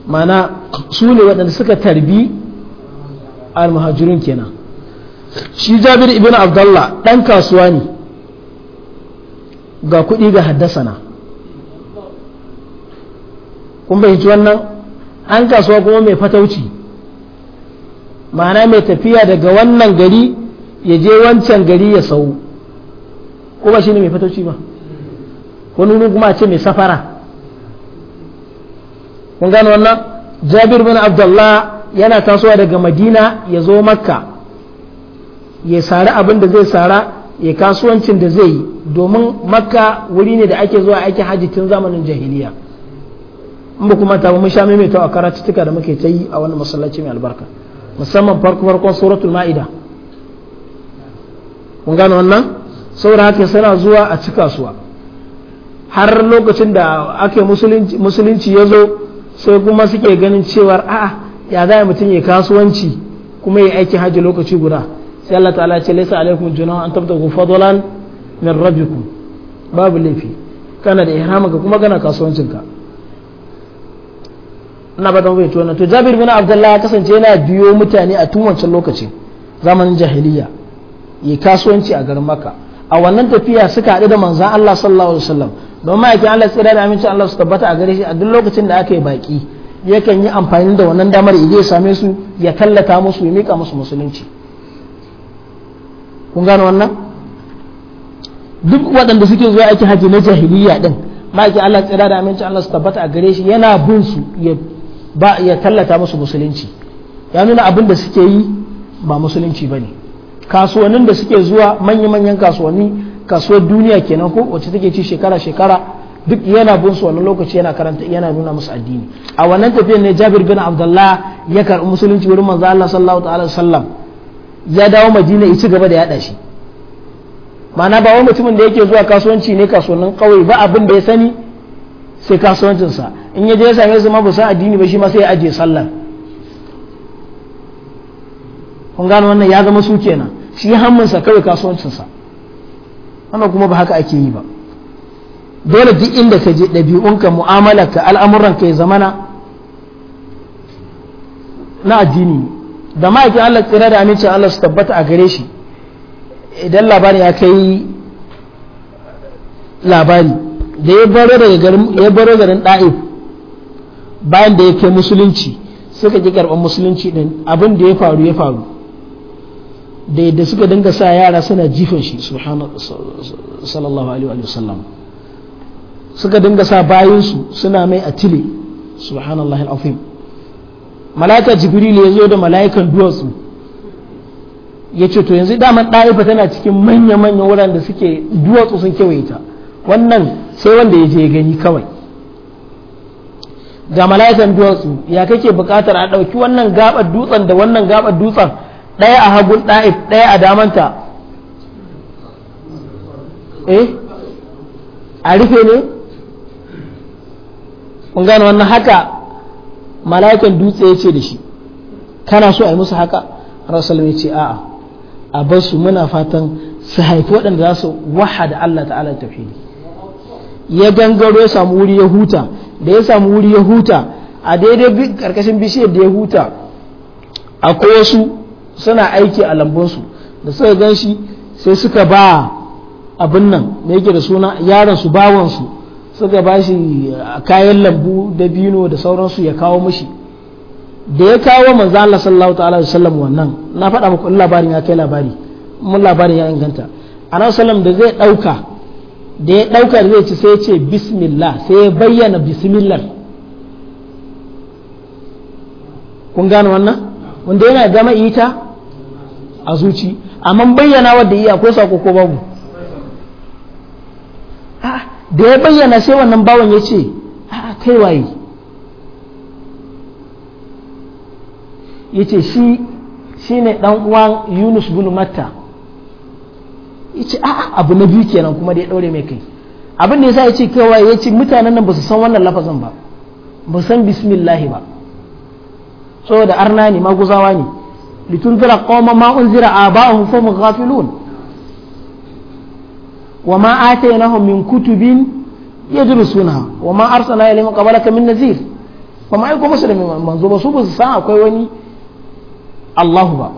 mana su ne waɗanda suka tarbi al muhajirin kenan shi jabir ibn abdullah dan kasuwa ne ga kuɗi ga haddasana kun bai wannan an kasuwa kuma mai fatauci ma'ana mai tafiya daga wannan gari ya je wancan gari ya sau ko ba shi ne mai fatauci ba wani wuri kuma a ce mai safara kun gane wannan jabir bin abdullah yana tasowa daga madina ya zo makka ya sari abin da zai sara ya kasuwancin da zai yi domin makka wuri ne da ake zuwa aikin hajji tun zamanin jahiliya in ba kuma ta mun sha maimaita a karatuttuka da muke ta yi a wani masallaci mai albarka musamman farko farkon suratul ma'ida kun gane wannan saboda haka suna zuwa a ci kasuwa har lokacin da ake musulunci ya zo sai kuma suke ganin cewar a'a ya za a mutum ya kasuwanci kuma ya aikin hajji lokaci guda sai Allah ta'ala ce laisa alaikum juna an ku fadlan min rabbikum babu laifi kana da ihrama ka kuma kana kasuwancinka ina ba don bai tuwa to Jabir bin Abdullah ya kasance yana biyo mutane a tun wancan lokacin zamanin jahiliya yi kasuwanci a garin Makka a wannan tafiya suka haɗu da manzan Allah sallallahu alaihi wasallam don ma'aikin Allah tsira da amincin Allah su tabbata a gare shi a duk lokacin da aka yi baki yakan yi amfani da wannan damar ya same su ya tallata musu ya mika musu musulunci kun gano wannan duk waɗanda suke zuwa aiki haji na jahiliya din ma'aikin Allah tsira da aminci Allah su tabbata a gare shi yana bin su ya tallata musu musulunci ya nuna abin da suke yi ba musulunci ba ne kasuwannin da suke zuwa manya-manyan kasuwanni kasuwar duniya kenan ko wacce take ci shekara-shekara duk yana bin su wani lokaci yana karanta yana nuna musu addini a wannan tafiyar ne Jabir bin Abdullah ya karɓi musulunci wurin manzo Allah sallallahu ta'ala sallam ya dawo Madina ya ci gaba da yada shi ma'ana ba wani mutumin da yake zuwa kasuwanci ne kasuwannin kawai ba abin da ya sani sai kasuwancin sa in ya je ya same su ma ba addini ba shi ma sai ya aje sallar kun gano wannan ya zama su kenan shi sa kawai kasuwancinsa wannan kuma ba haka ake yi ba dole duk inda ka je ɗabi'unka mu'amalarka al'amuranka ya zamana na addini da ma'aikin Allah tsira da amincin Allah su tabbata a gare shi idan labarin ya kai labari da ya baro daga garin ya baro garin bayan da ya kai musulunci suka ji karban musulunci din abin da ya faru ya faru da yadda suka dinga sa yara suna jifan shi subhanahu sallallahu alaihi wa sallam suka dinga sa bayansu suna mai a tile subhanallah al'afim mala'ika jibril ya zo da mala'ikan duwatsu ya ce to yanzu daman ɗa'ifa tana cikin manya-manyan wuran da suke duwatsu sun kewaye ta wannan sai wanda ya je gani kawai ga mala'ikan duwatsu ya kake buƙatar a ɗauki wannan gabar dutsen da wannan gabar dutsen ɗaya a hagun ɗa'if ɗaya a damanta eh a rufe ne kun gane wannan haka mala'ikan dutse ya ce da shi kana so a yi musu haka rasul ya ce a'a a bar su muna fatan su haifi waɗanda za su da Allah ta'ala tafi ya gangaro ya samu wuri ya huta da ya samu wuri ya huta a daidai karkashin bishiyar da ya huta akwai wasu suna aiki a lambunsu da suka gan shi sai suka ba abin nan da yake da suna yaron su bawansu suka ba shi kayan lambu da bino da sauransu ya kawo mashi da ya kawo manzo Allah sallallahu ta'ala alaihi wasallam wannan na faɗa muku labarin ya kai labari mun labarin ya inganta annabi sallam da zai dauka da ya dauka zai ci sai ya ce bismillah sai ya bayyana bismillah kun gane wannan wanda yana gama ita a zuci amma bayyana wadda iya ko sako ko babu a'a da ya bayyana sai wannan bawan ya ce a kai waye ya ce shi ne ne uwan yunus bin matta ya ce a abu na biyu kenan kuma da ya ɗaure mai kai abin da ya sa ya ce kai waye ya ce mutanen nan ba su san wannan lafazin ba ba san bismillahi ba saboda arna ne maguzawa ne litun zira maun ma unzira aba'ahum fa gafilun وما آتيناهم من كتب يدرسونها وما أرسلنا إليهم قبلك من نذير وما يكون مسلم منظور سوب الساعة كويني الله با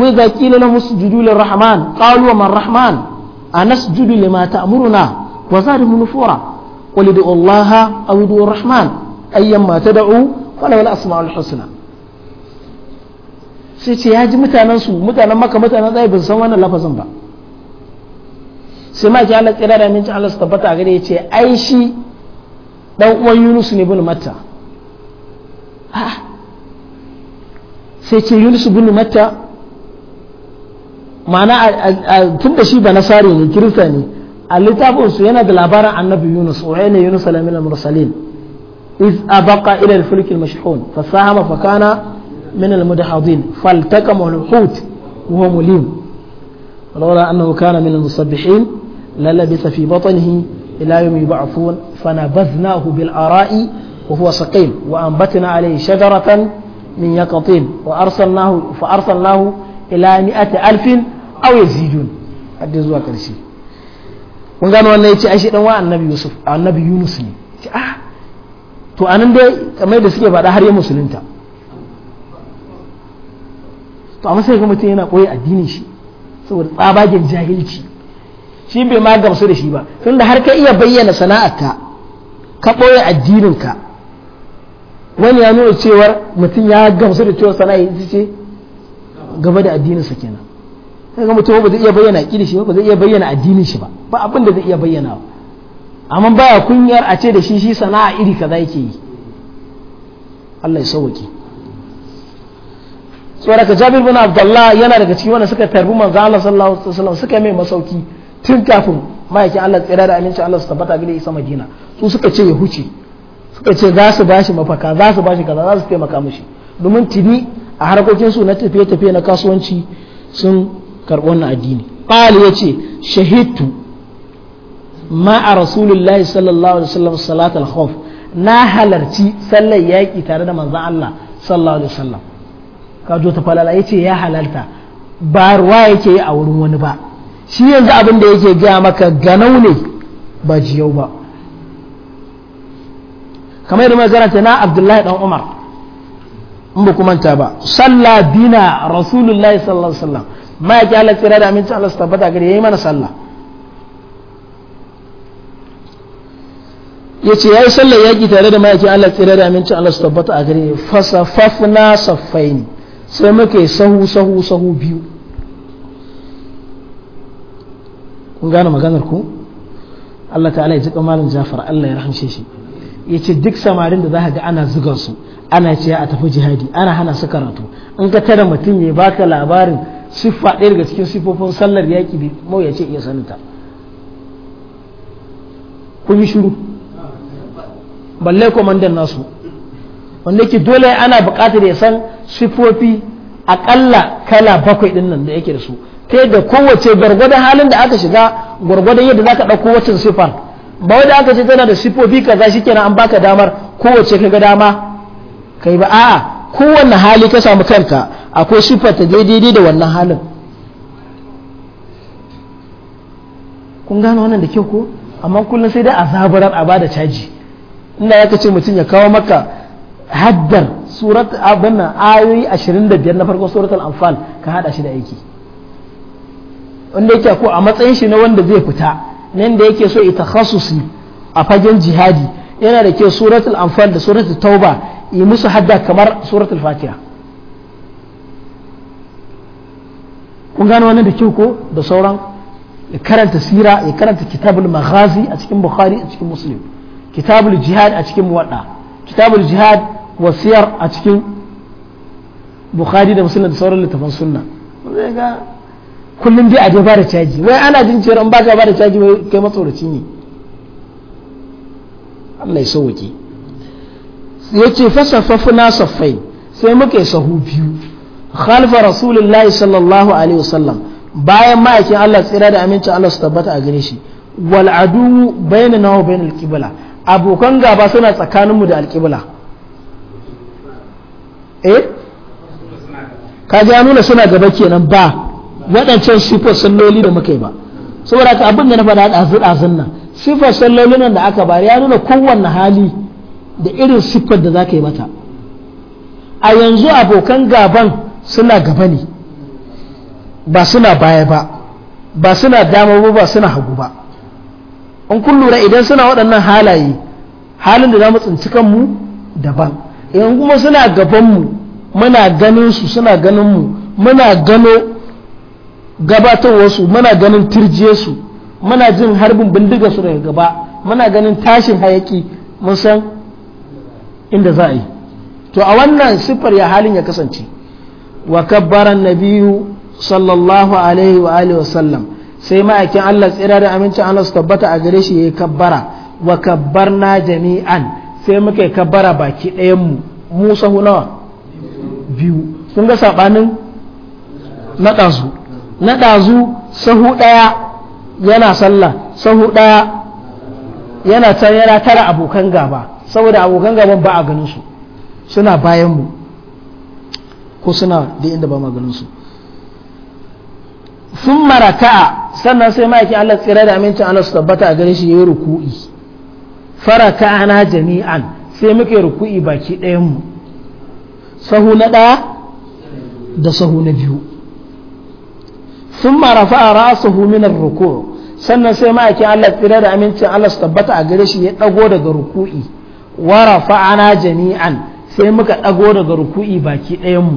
وإذا قيل لهم اسجدوا للرحمن قالوا وما الرحمن أنسجد لما تأمرنا وزادهم نفورا قل ادعوا الله أو ادعوا الرحمن أيما تدعوا فله الأسماء الحسنى sai ce ya ji mutanensu mutanen maka mutanen zai bin san wannan lafazin ba sai ma ya Allah tsira da minci Allah su tabbata a gare ya ce ai shi dan uwan Yunus ne bin Matta sai ce Yunus bin Matta ma'ana tun da shi ba nasari ne kirista ne a littafin su yana da labarin annabi Yunus wa yana Yunus alamin al-mursalin iz abaqa ila al-fulk al-mashhun fasahama fa kana min al-mudahadin faltaqama al-hut wa mulim ولولا أنه كان من المصبحين للبث في بطنه إلى يوم يبعثون فنبذناه بالآراء وهو سقيم وأنبتنا عليه شجرة من يقطين وأرسلناه فأرسلناه إلى مئة ألف أو يزيدون حد زوا كرشي mun gano wannan ya ce ai shedan wa annabi yusuf ce to anan dai kamar da suke faɗa har ya musulunta to amma sai ga mutum yana koyi addinin shi saboda tsabagen jahilci shi bai ma gamsu da shi ba tun da har ka iya bayyana sana'arka ka ɓoye addininka wani ya nuna cewar mutum ya gamsu da cewar sana'a ita ce gaba da addininsa kenan kaga mutum ba zai iya bayyana aƙidar shi ba zai iya bayyana addinin shi ba ba abin da zai iya bayyana amma baya kunyar a ce da shi shi sana'a iri kaza yake yi Allah ya sauwake tsoraka jabir bin abdullah yana daga cikin wanda suka tarbi manzo Allah sallallahu alaihi wasallam suka mai masauki tun kafin ma'aikin Allah tsira da amincin Allah su tabbata gare isa Madina su suka ce ya huce suka ce za su bashi mafaka za su bashi kaza za su taimaka mishi domin tuni a harkokin su na tafiye-tafiye na kasuwanci sun karɓi wannan addini qali yace shahidtu ma'a rasulullahi sallallahu alaihi wasallam salatul khawf na halarci sallar yaƙi tare da manzon Allah sallallahu alaihi wasallam ka ta falala yace ya halalta ba ruwa yake a wurin wani ba shi yanzu abin da yake gaya maka ganau ne ba yau ba kamar yadda ta na abdullahi dan umar in ba kuma ta ba salla bina rasulullahi sallallahu alaihi wasallam ma ya kyala tsira da aminci Allah su tabbata gari yayi mana sallah yace yayi sallar yaki tare da mayaki Allah tsira da aminci Allah su tabbata a gare fasafafna saffaini sai muka yi sahu sahu sahu biyu kun gane maganar ku Allah ta'ala ya ji malam Jafar Allah ya rahamshe shi ya ce duk samarin da za ga ana zugan su ana ce a tafi jihadi ana hana su karatu in ka tara mutum ya baka labarin siffa ɗaya daga cikin siffofin sallar yaƙi bi mau ya ce iya sanita kun yi shiru balle kwamandan nasu wanda yake dole ana buƙatar ya san siffofi aƙalla kala bakwai ɗin da yake da su ta yadda kowace gwargwadon halin da aka shiga gwargwadon yadda zaka ɗauko wacin sifar ba wanda aka ce tana da siffofi ka za shi kenan an baka damar kowace kaga dama kai ba a'a kowanne hali ka samu kanka akwai siffar ta daidai da wannan halin kun gano wannan da kyau ko amma kullum sai dai a zaburar a bada caji inda ya ce mutum ya kawo maka haddar surat abinnan ayoyi 25 na farkon suratul anfal ka hada shi da aiki wanda yake ko a matsayin shi na wanda zai fita nan da yake so ita khasusi a fagen jihadi yana da kyau suratul anfal da suratul tauba yi musu hadda kamar suratul fatiha kun gane wannan da kyau ko da sauran ya karanta sira ya karanta kitabul maghazi a cikin bukhari a cikin muslim kitabul jihad a cikin muwadda kitabul jihad wa wasiyar a cikin bukhari da muslim da sauran littafan sunna ga kullum dai a je bada caji wai ana jin cewa in baka bada caji wai kai matsoraci ne Allah ya sauke ce fa na safai sai muka yi sahu biyu khalfa rasulullahi sallallahu alaihi wasallam bayan ma'aikin Allah tsira da amincin Allah su tabbata a gare shi wal adu bainana wa bainal qibla abokan gaba suna tsakaninmu da alqibla eh ka ga nuna suna gaba kenan ba waɗancan sifar salloli da muka yi ba saboda ka abin da na faɗa ɗazu ɗazun nan sifar sallolin nan da aka ba ya nuna kowanne hali da irin siffar da za ka yi mata a yanzu abokan gaban suna gaba ne ba suna baya ba ba suna dama ba ba suna hagu ba in kun lura idan suna waɗannan halaye halin da za mu tsinci kanmu daban in kuma suna gabanmu muna ganin su suna ganin mu muna gano gabatarwarsu muna ganin su muna jin harbin bindiga su daga gaba muna ganin tashin hayaki mun san inda za a yi to a wannan siffar ya halin ya kasance wa kabbaran nabiyu sallallahu alaihi wa alihi wa sallam sai ma'aikin Allah tsira da amincin Allah su tabbata a gare shi yayi kabbara wa kabbarna jami'an sai muka yi kabbara baki ɗayan mu mu sahu nawa biyu kun ga sabanin na ɗansu na ɗazu sahu ɗaya yana sallah sahu ɗaya yana can yana tara abokan gaba saboda abokan gaban ba a ganin su suna bayan mu ko suna da inda ba ma ganin su sun maraka'a sannan sai ma'aikin Allah tsira da amincin Allah su tabbata a ganin shi ya yi ruku'i faraka na jami'an sai muke ruku'i baki ɗayan mu sahu na ɗaya da sahu na biyu sun a rasu huminar ruku sannan sai ma'aikin Allah tsira da amincin Allah su tabbata a gare shi ya ɗago daga ruku'i wa rafa'ana jami'an sai muka ɗago daga ruku'i baki ɗayanmu.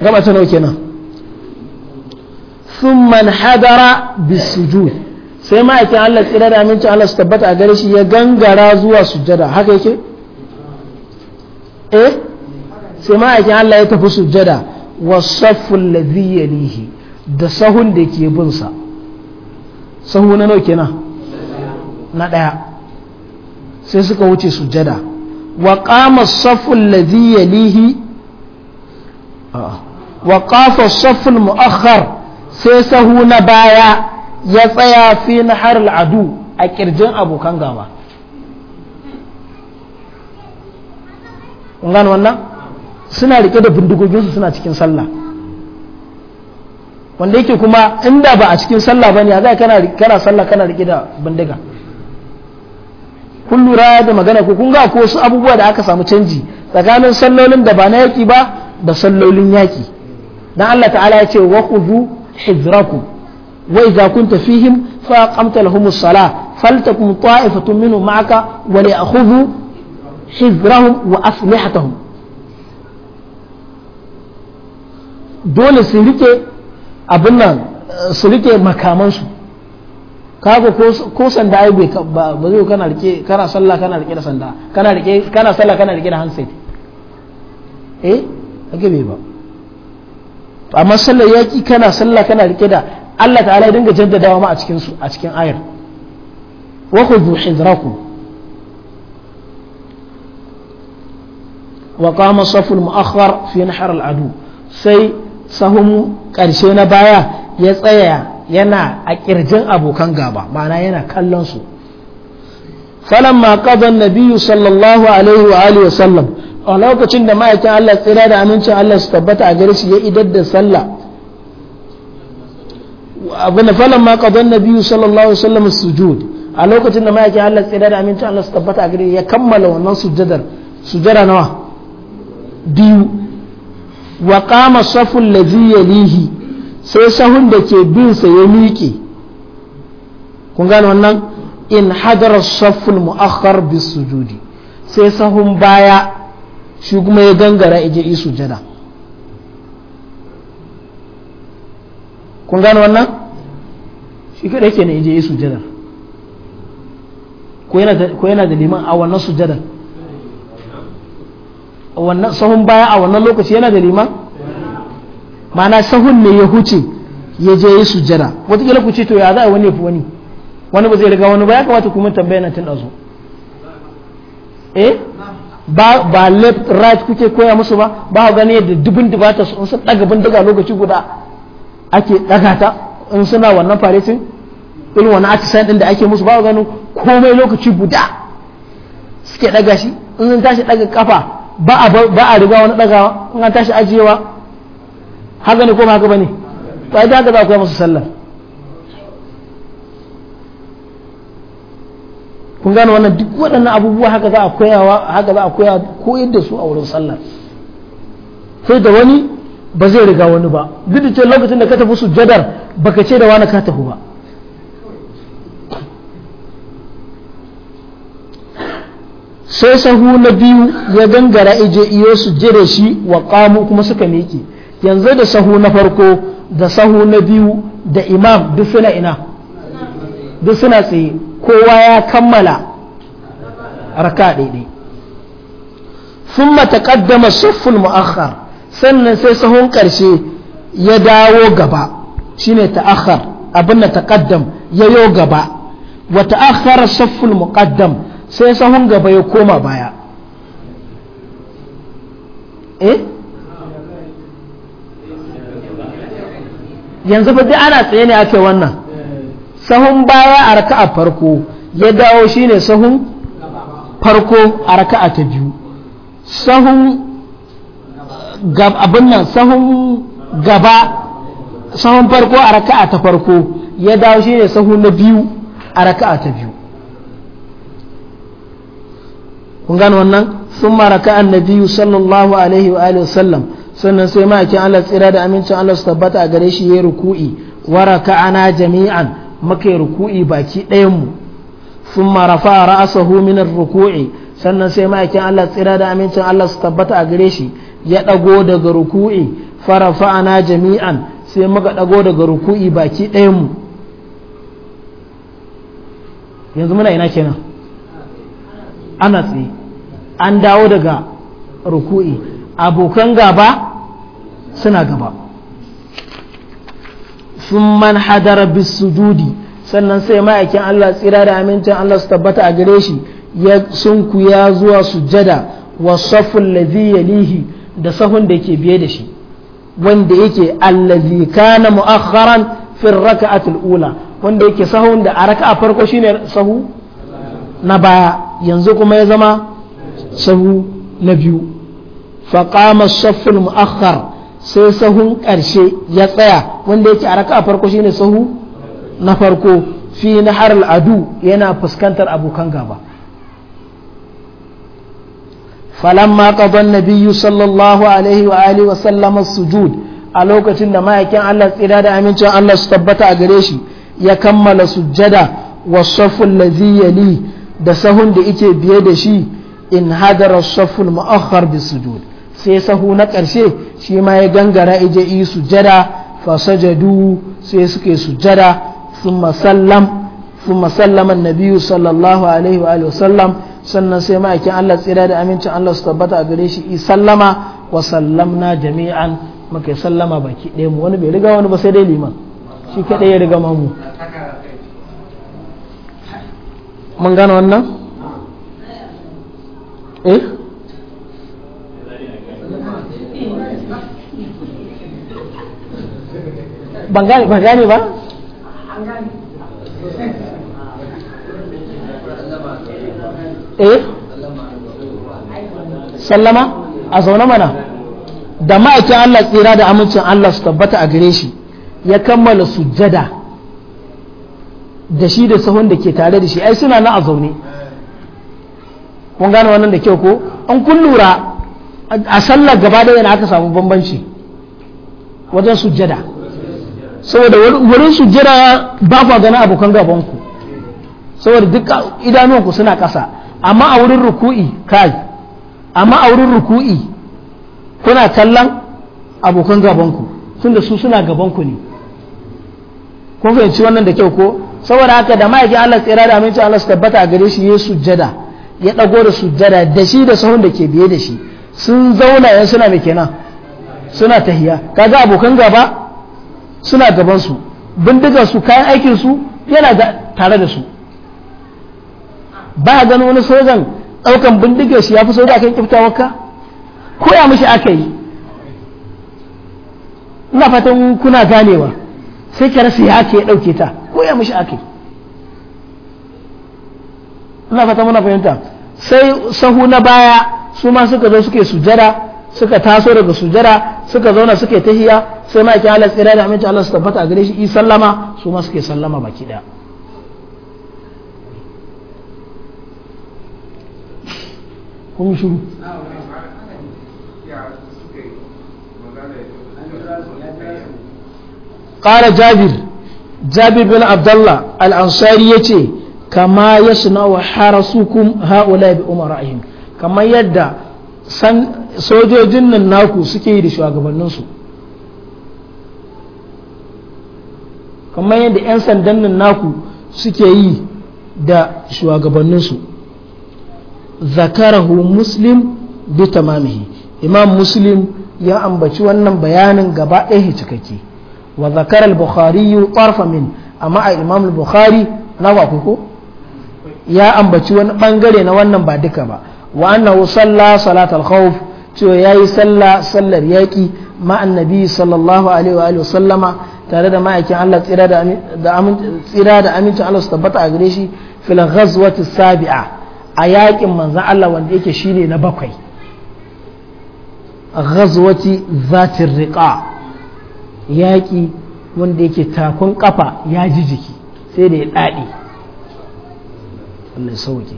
mu gaba ta nauke nan man hadara bisujud sai ma'aikin Allah tsira da amincin Allah su tabbata a gare shi ya gangara zuwa sujada haka yake eh sai ma'aikin Allah ya tafi sujada. wasaffu alladhi yalihi da sahun da ke bin sa sahu na nawa kenan na daya sai suka wuce sujada wa qama as-saffu alladhi wa qafa as-saffu sai sahu na baya ya tsaya fi na har adu a ƙirjin abokan gaba kun gane wannan suna rike da bindigoginsu suna cikin sallah wanda yake kuma inda ba a cikin sallah ba ya zai kana kana sallah kana rike da bindiga kun lura da magana ko kun ga ko wasu abubuwa da aka samu canji tsakanin sallolin da ba na yaki ba da sallolin yaƙi dan Allah ta'ala ya ce wa khudhu hizrakum wa idza kunta fihim fa aqamta lahumus salah faltakum ta'ifatun minhum ma'aka wa li akhudhu hizrahum wa aslihatahum dole su rike abin nan su rike makamansu kaga ko sanda ai bai ba zai kana rike kana sallah kana rike da sanda kana rike kana sallah kana rike da handset eh ake bai ba amma sallar yaki kana sallah kana rike da Allah ta'ala ya dinga jaddadawa ma a cikin su a cikin ayar wa khudhu hidrakum wa qama saful mu'akhkhar fi nahar al-adu sai sahun ƙarshe na baya ya tsaya yana a ƙirjin abokan gaba ma'ana yana kallon su falamma qadan biyu sallallahu alaihi wa alihi wasallam a lokacin da ma'aikin Allah tsira da amincin Allah su tabbata a gare shi ya idar da sallah abin falamma qadan biyu sallallahu alaihi wasallam sujud a lokacin da ma'aikin Allah tsira da amincin Allah su tabbata a gare ya kammala wannan sujadar sujada nawa biyu wa qama saful ladhi lihi sai sahun da ke bin sa ya miƙe kun gane wannan in hadara safin mu'akhar bis sujudi sai sahun baya shi kuma ya gangara ije yi sujada kun gane wannan shi kadai kenan ije yi sujada ko yana da liman a wannan sujadar wannan sahun baya a wannan lokaci yana da liman mana sahun ne ya huce ya je ya sujjada wata ku ce to ya za a wani ya fi wani wani ba zai riga wani ba ya kamata kuma tambaya na tun ɗazu eh ba ba left right kuke koya musu ba ba ga ne da dubin dubata su sun daga daga lokaci guda ake daga ta in suna wannan faretin irin wani atisan din da ake musu ba ga ne komai lokaci guda suke daga shi in sun tashi daga kafa ba a riga wani dagawa in an tashi ajiyewa haka ne ko haka bane to ai haka za ku musu sallar kun gane wannan duk waɗannan abubuwa haka za a koyawa haka za a koya koyar da su a wurin sallar sai da wani ba zai riga wani ba duk da cewa lokacin da ka tafi su jadar baka ce da wani ka tafi ba sai sahu na biyu ya gangara ije iyo su da shi wa qamu kuma suka miƙe yanzu da sahu na farko da sahu na biyu da imam duk suna ina duk suna tsaye kowa ya kammala raka daidai ثم تقدم الصف المؤخر sannan sai sahun ƙarshe ya dawo gaba shine ta'akhar abin da taqaddam ya yo gaba wa ta'akhara safful muqaddam sai sahun gaba ya koma baya eh yanzu fa duk ana tsaye ne ake wannan sahun baya a raka'a farko ya dawo shine sahun farko a raka'a ta biyu sahun abin nan sahun gaba sahun farko a raka'a ta farko ya dawo shine sahun na biyu a raka'a ta biyu kun gano wannan sun maraka annabiyu sallallahu alaihi wa alihi wasallam sannan sai ma'aikin Allah tsira da amincin Allah su tabbata a gare shi ya ruku'i wa raka'ana jami'an muka yi ruku'i baki ɗayan mu sun marafa ra'asahu min ruku'i sannan sai ma'aikin Allah tsira da amincin Allah su tabbata a gare shi ya ɗago daga ruku'i farafa'ana jami'an sai muka ɗago daga ruku'i baki ɗayan mu yanzu muna ina kenan ana tsaye an dawo daga ruku'i abokan gaba suna gaba sun man hadara bisujudi sannan sai ma'aikin Allah tsira da amincin Allah su tabbata a gare shi ya sunku ya zuwa sujjada wa safun yalihi da sahun da ke biye da shi wanda yake allazi kana mu'akhkharan fi raka'atul ula wanda yake sahun da a raka'a farko shine sahu na baya yanzu kuma ya zama sahu na biyu faƙama saffin mu'akhar sai sahun ƙarshe ya tsaya wanda yake a raka farko shine sahu na farko fi na har al'adu yana fuskantar abokan gaba falamma qadan nabiyyu sallallahu alaihi wa alihi wa sallama sujud a lokacin da ma'aikin Allah tsira da amincin Allah su tabbata a gare shi ya kammala sujjada wa saffin lazi yali da sahun da yake biye da shi in hadara saful mu'akhkhar bi sujud sai sahu na ƙarshe shi ma ya gangara ije yi sujada fa sajadu sai suke sujada thumma sallam thumma sallama annabi sallallahu alaihi wa alihi wasallam sannan sai ma'aikin Allah tsira da amincin Allah su tabbata a gare shi i sallama wa sallamna jami'an muka sallama baki ɗaya mu wani bai riga wani ba sai dai liman shi kaɗai ya riga mamu mun gano wannan eh ban gane ba ba eh sallama a zaune mana da ma'aikin Allah tsira da amincin Allah su tabbata a gare shi ya kammala sujjada da shi da sahun da ke tare da shi ai suna na a zaune kun gane wannan da kyau ko an kun lura a sallar gaba da yana aka samu bambanci wajen sujjada saboda wurin sujjada ba ku gani abokan gabanku saboda duk idanuwanku suna ƙasa amma a wurin ruku'i kai amma a wurin ruku'i kuna kallon abokan gabanku tunda su suna gabanku ne kun fahimci wannan da kyau ko saboda haka da ma'aikin Allah tsira da aminci Allah su tabbata a gare shi ya sujjada ya dago da sujjada da shi da sahun da ke biye da shi sun zauna yan suna mai kenan suna tahiya kaga abokan gaba suna gaban su bindigar su kayan aikin su yana tare da su ba gani wani sojan daukan bindigar shi ya fi soja kifta waka Ko ya mishi aka yi ina fatan kuna ganewa sai ka rasa ya ke ya dauke ta koya mishi ake ina fata muna fahimta sai sahu na baya su ma suka zo suke sujada suka taso daga sujada suka zauna suke tahiya sai ma yake Allah tsira da aminci Allah su tabbata a gare shi yi sallama su ma suke sallama baki daya kun shiru قال جابر jabi bin abdullah al-ansari ya ce kama ya suna wa harasukum ha'ula bi umara'ihim kama yadda sojojin nan naku suke yi da su kama yadda 'yan sandan nan naku suke yi da su zakarahu muslim bi imam muslim ya ambaci wannan bayanin gaba ɗaya cikakke wa zakar al-bukhari tarfa min a imam al-bukhari na ba ko ya ambaci wani bangare na wannan ba duka ba wa annahu salla salatal khawf cewa yayi sallah sallar yaki ma sallallahu alaihi wa sallama tare da ma'aikin Allah tsira da tsira da amincin Allah su tabbata a gare shi fil ghazwati sabi'a a yaƙin manzon Allah wanda yake shine na bakwai ghazwati zatir riƙa. yaƙi wanda yake takon ƙafa ya ji jiki sai da ya daɗe wannan sauke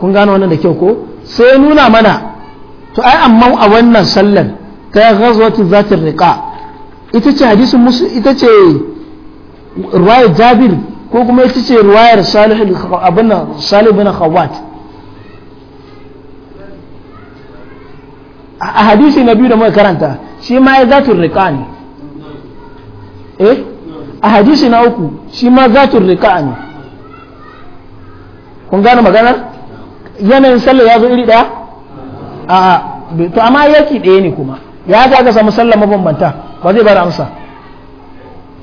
kun gano wannan da kyau ko sai nuna mana to ai amma a wannan sallar ta ghazwatu zatir riƙa ita ce hadisin musu ita ce ruwayar jabir ko kuma ita ce ruwayar salih abin salih bin khawat a hadisi na biyu da muka karanta shi ma ya zatu rika ne eh a hadisi na uku shi ma zatu rika ne kun gane maganar yanayin sallah ya zo iri ɗaya? a to amma yaki ɗaya ne kuma ya ga ga samu sallah mabambanta ba zai bar amsa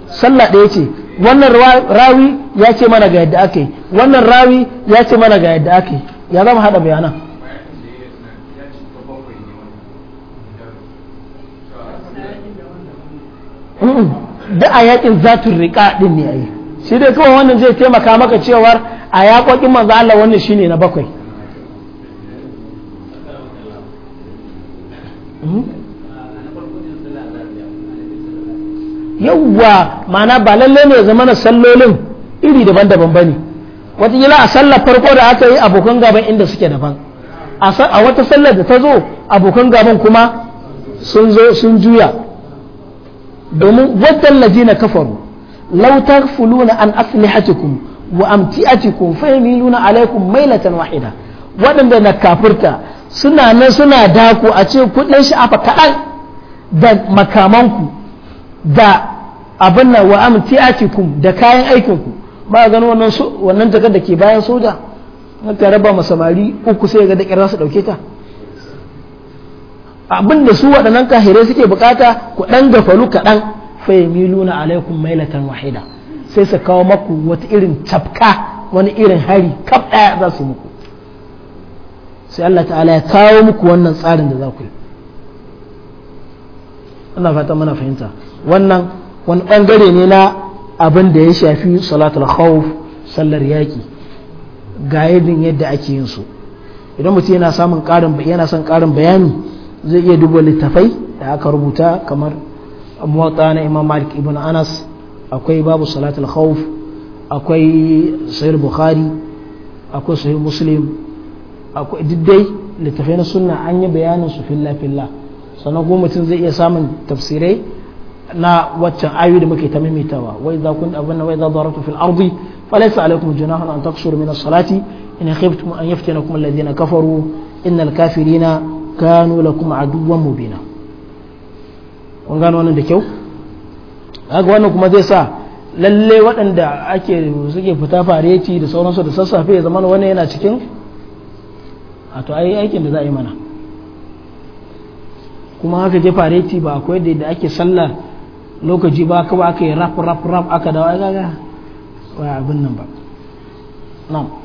sallah ɗaya ce wannan rawi ya ce mana ga yadda ake wannan rawi ya ce mana ga yadda ake ya zama hada bayanan da a yakin zatun riƙa ɗin ne a yi shi dai kawai wannan zai taimaka maka cewar a yaƙoƙin manzo Allah wannan shine na bakwai hmm? yawwa ma'ana ba lalle ne zama na sallolin iri daban-daban ba ne watakila a sallar farko da aka yi abokan gaban inda suke daban a wata sallar da ta zo abokan gaban kuma sun zo sun juya domin wajen lajina kafaru law taghfuluna an aslihatikum wa amtiatikum fa yamiluna alaikum mailatan wahida waɗanda na kafirta suna nan suna dako a ce kudin sha'afa kaɗan da makamanku da abin nan wa amtiatikum da kayan aikinku ba gano wannan wannan jakar da ke bayan soja ka raba ma samari uku sai ga da kira su dauke ta abin da su waɗannan kahirai suke bukata ku ɗan gafalu kaɗan fai miluna alaikum mailatan wahida sai su kawo maku wata irin tafka wani irin hari kaf ɗaya za su muku sai Allah ta'ala ya kawo muku wannan tsarin da za ku yi ina fata mana fahimta wannan wani ɓangare ne na abin da ya shafi salatul khawf sallar yaki ga yadda ake yin su idan mutum yana yana son ƙarin bayani zai iya duba littafai da aka rubuta kamar muwatta na imam malik ibn anas akwai babu salatul khawf akwai sahih bukhari akwai sahih muslim akwai diddai littafai na sunna an yi bayanin su filla filla sannan kuma mutum zai iya samun tafsirai na waccan ayoyi da muke ta maimaitawa wai za kun abin wai za zaratu fil ardi falaysa alaykum junahun an taqsuru min as-salati in khiftum an yaftinakum alladhina kafaru innal kafirina kanu lakum aduwwan mubina kun gano wannan da kyau haka wannan kuma zai sa lalle waɗanda ake suke fita fareti da sauransu da sassafe ya zama wani yana cikin a to ai aikin da za a yi mana kuma haka je fareti ba akwai da da ake sallar lokaci ba kawai aka yi rap rap rap aka dawo ai ga ba abin nan ba na'am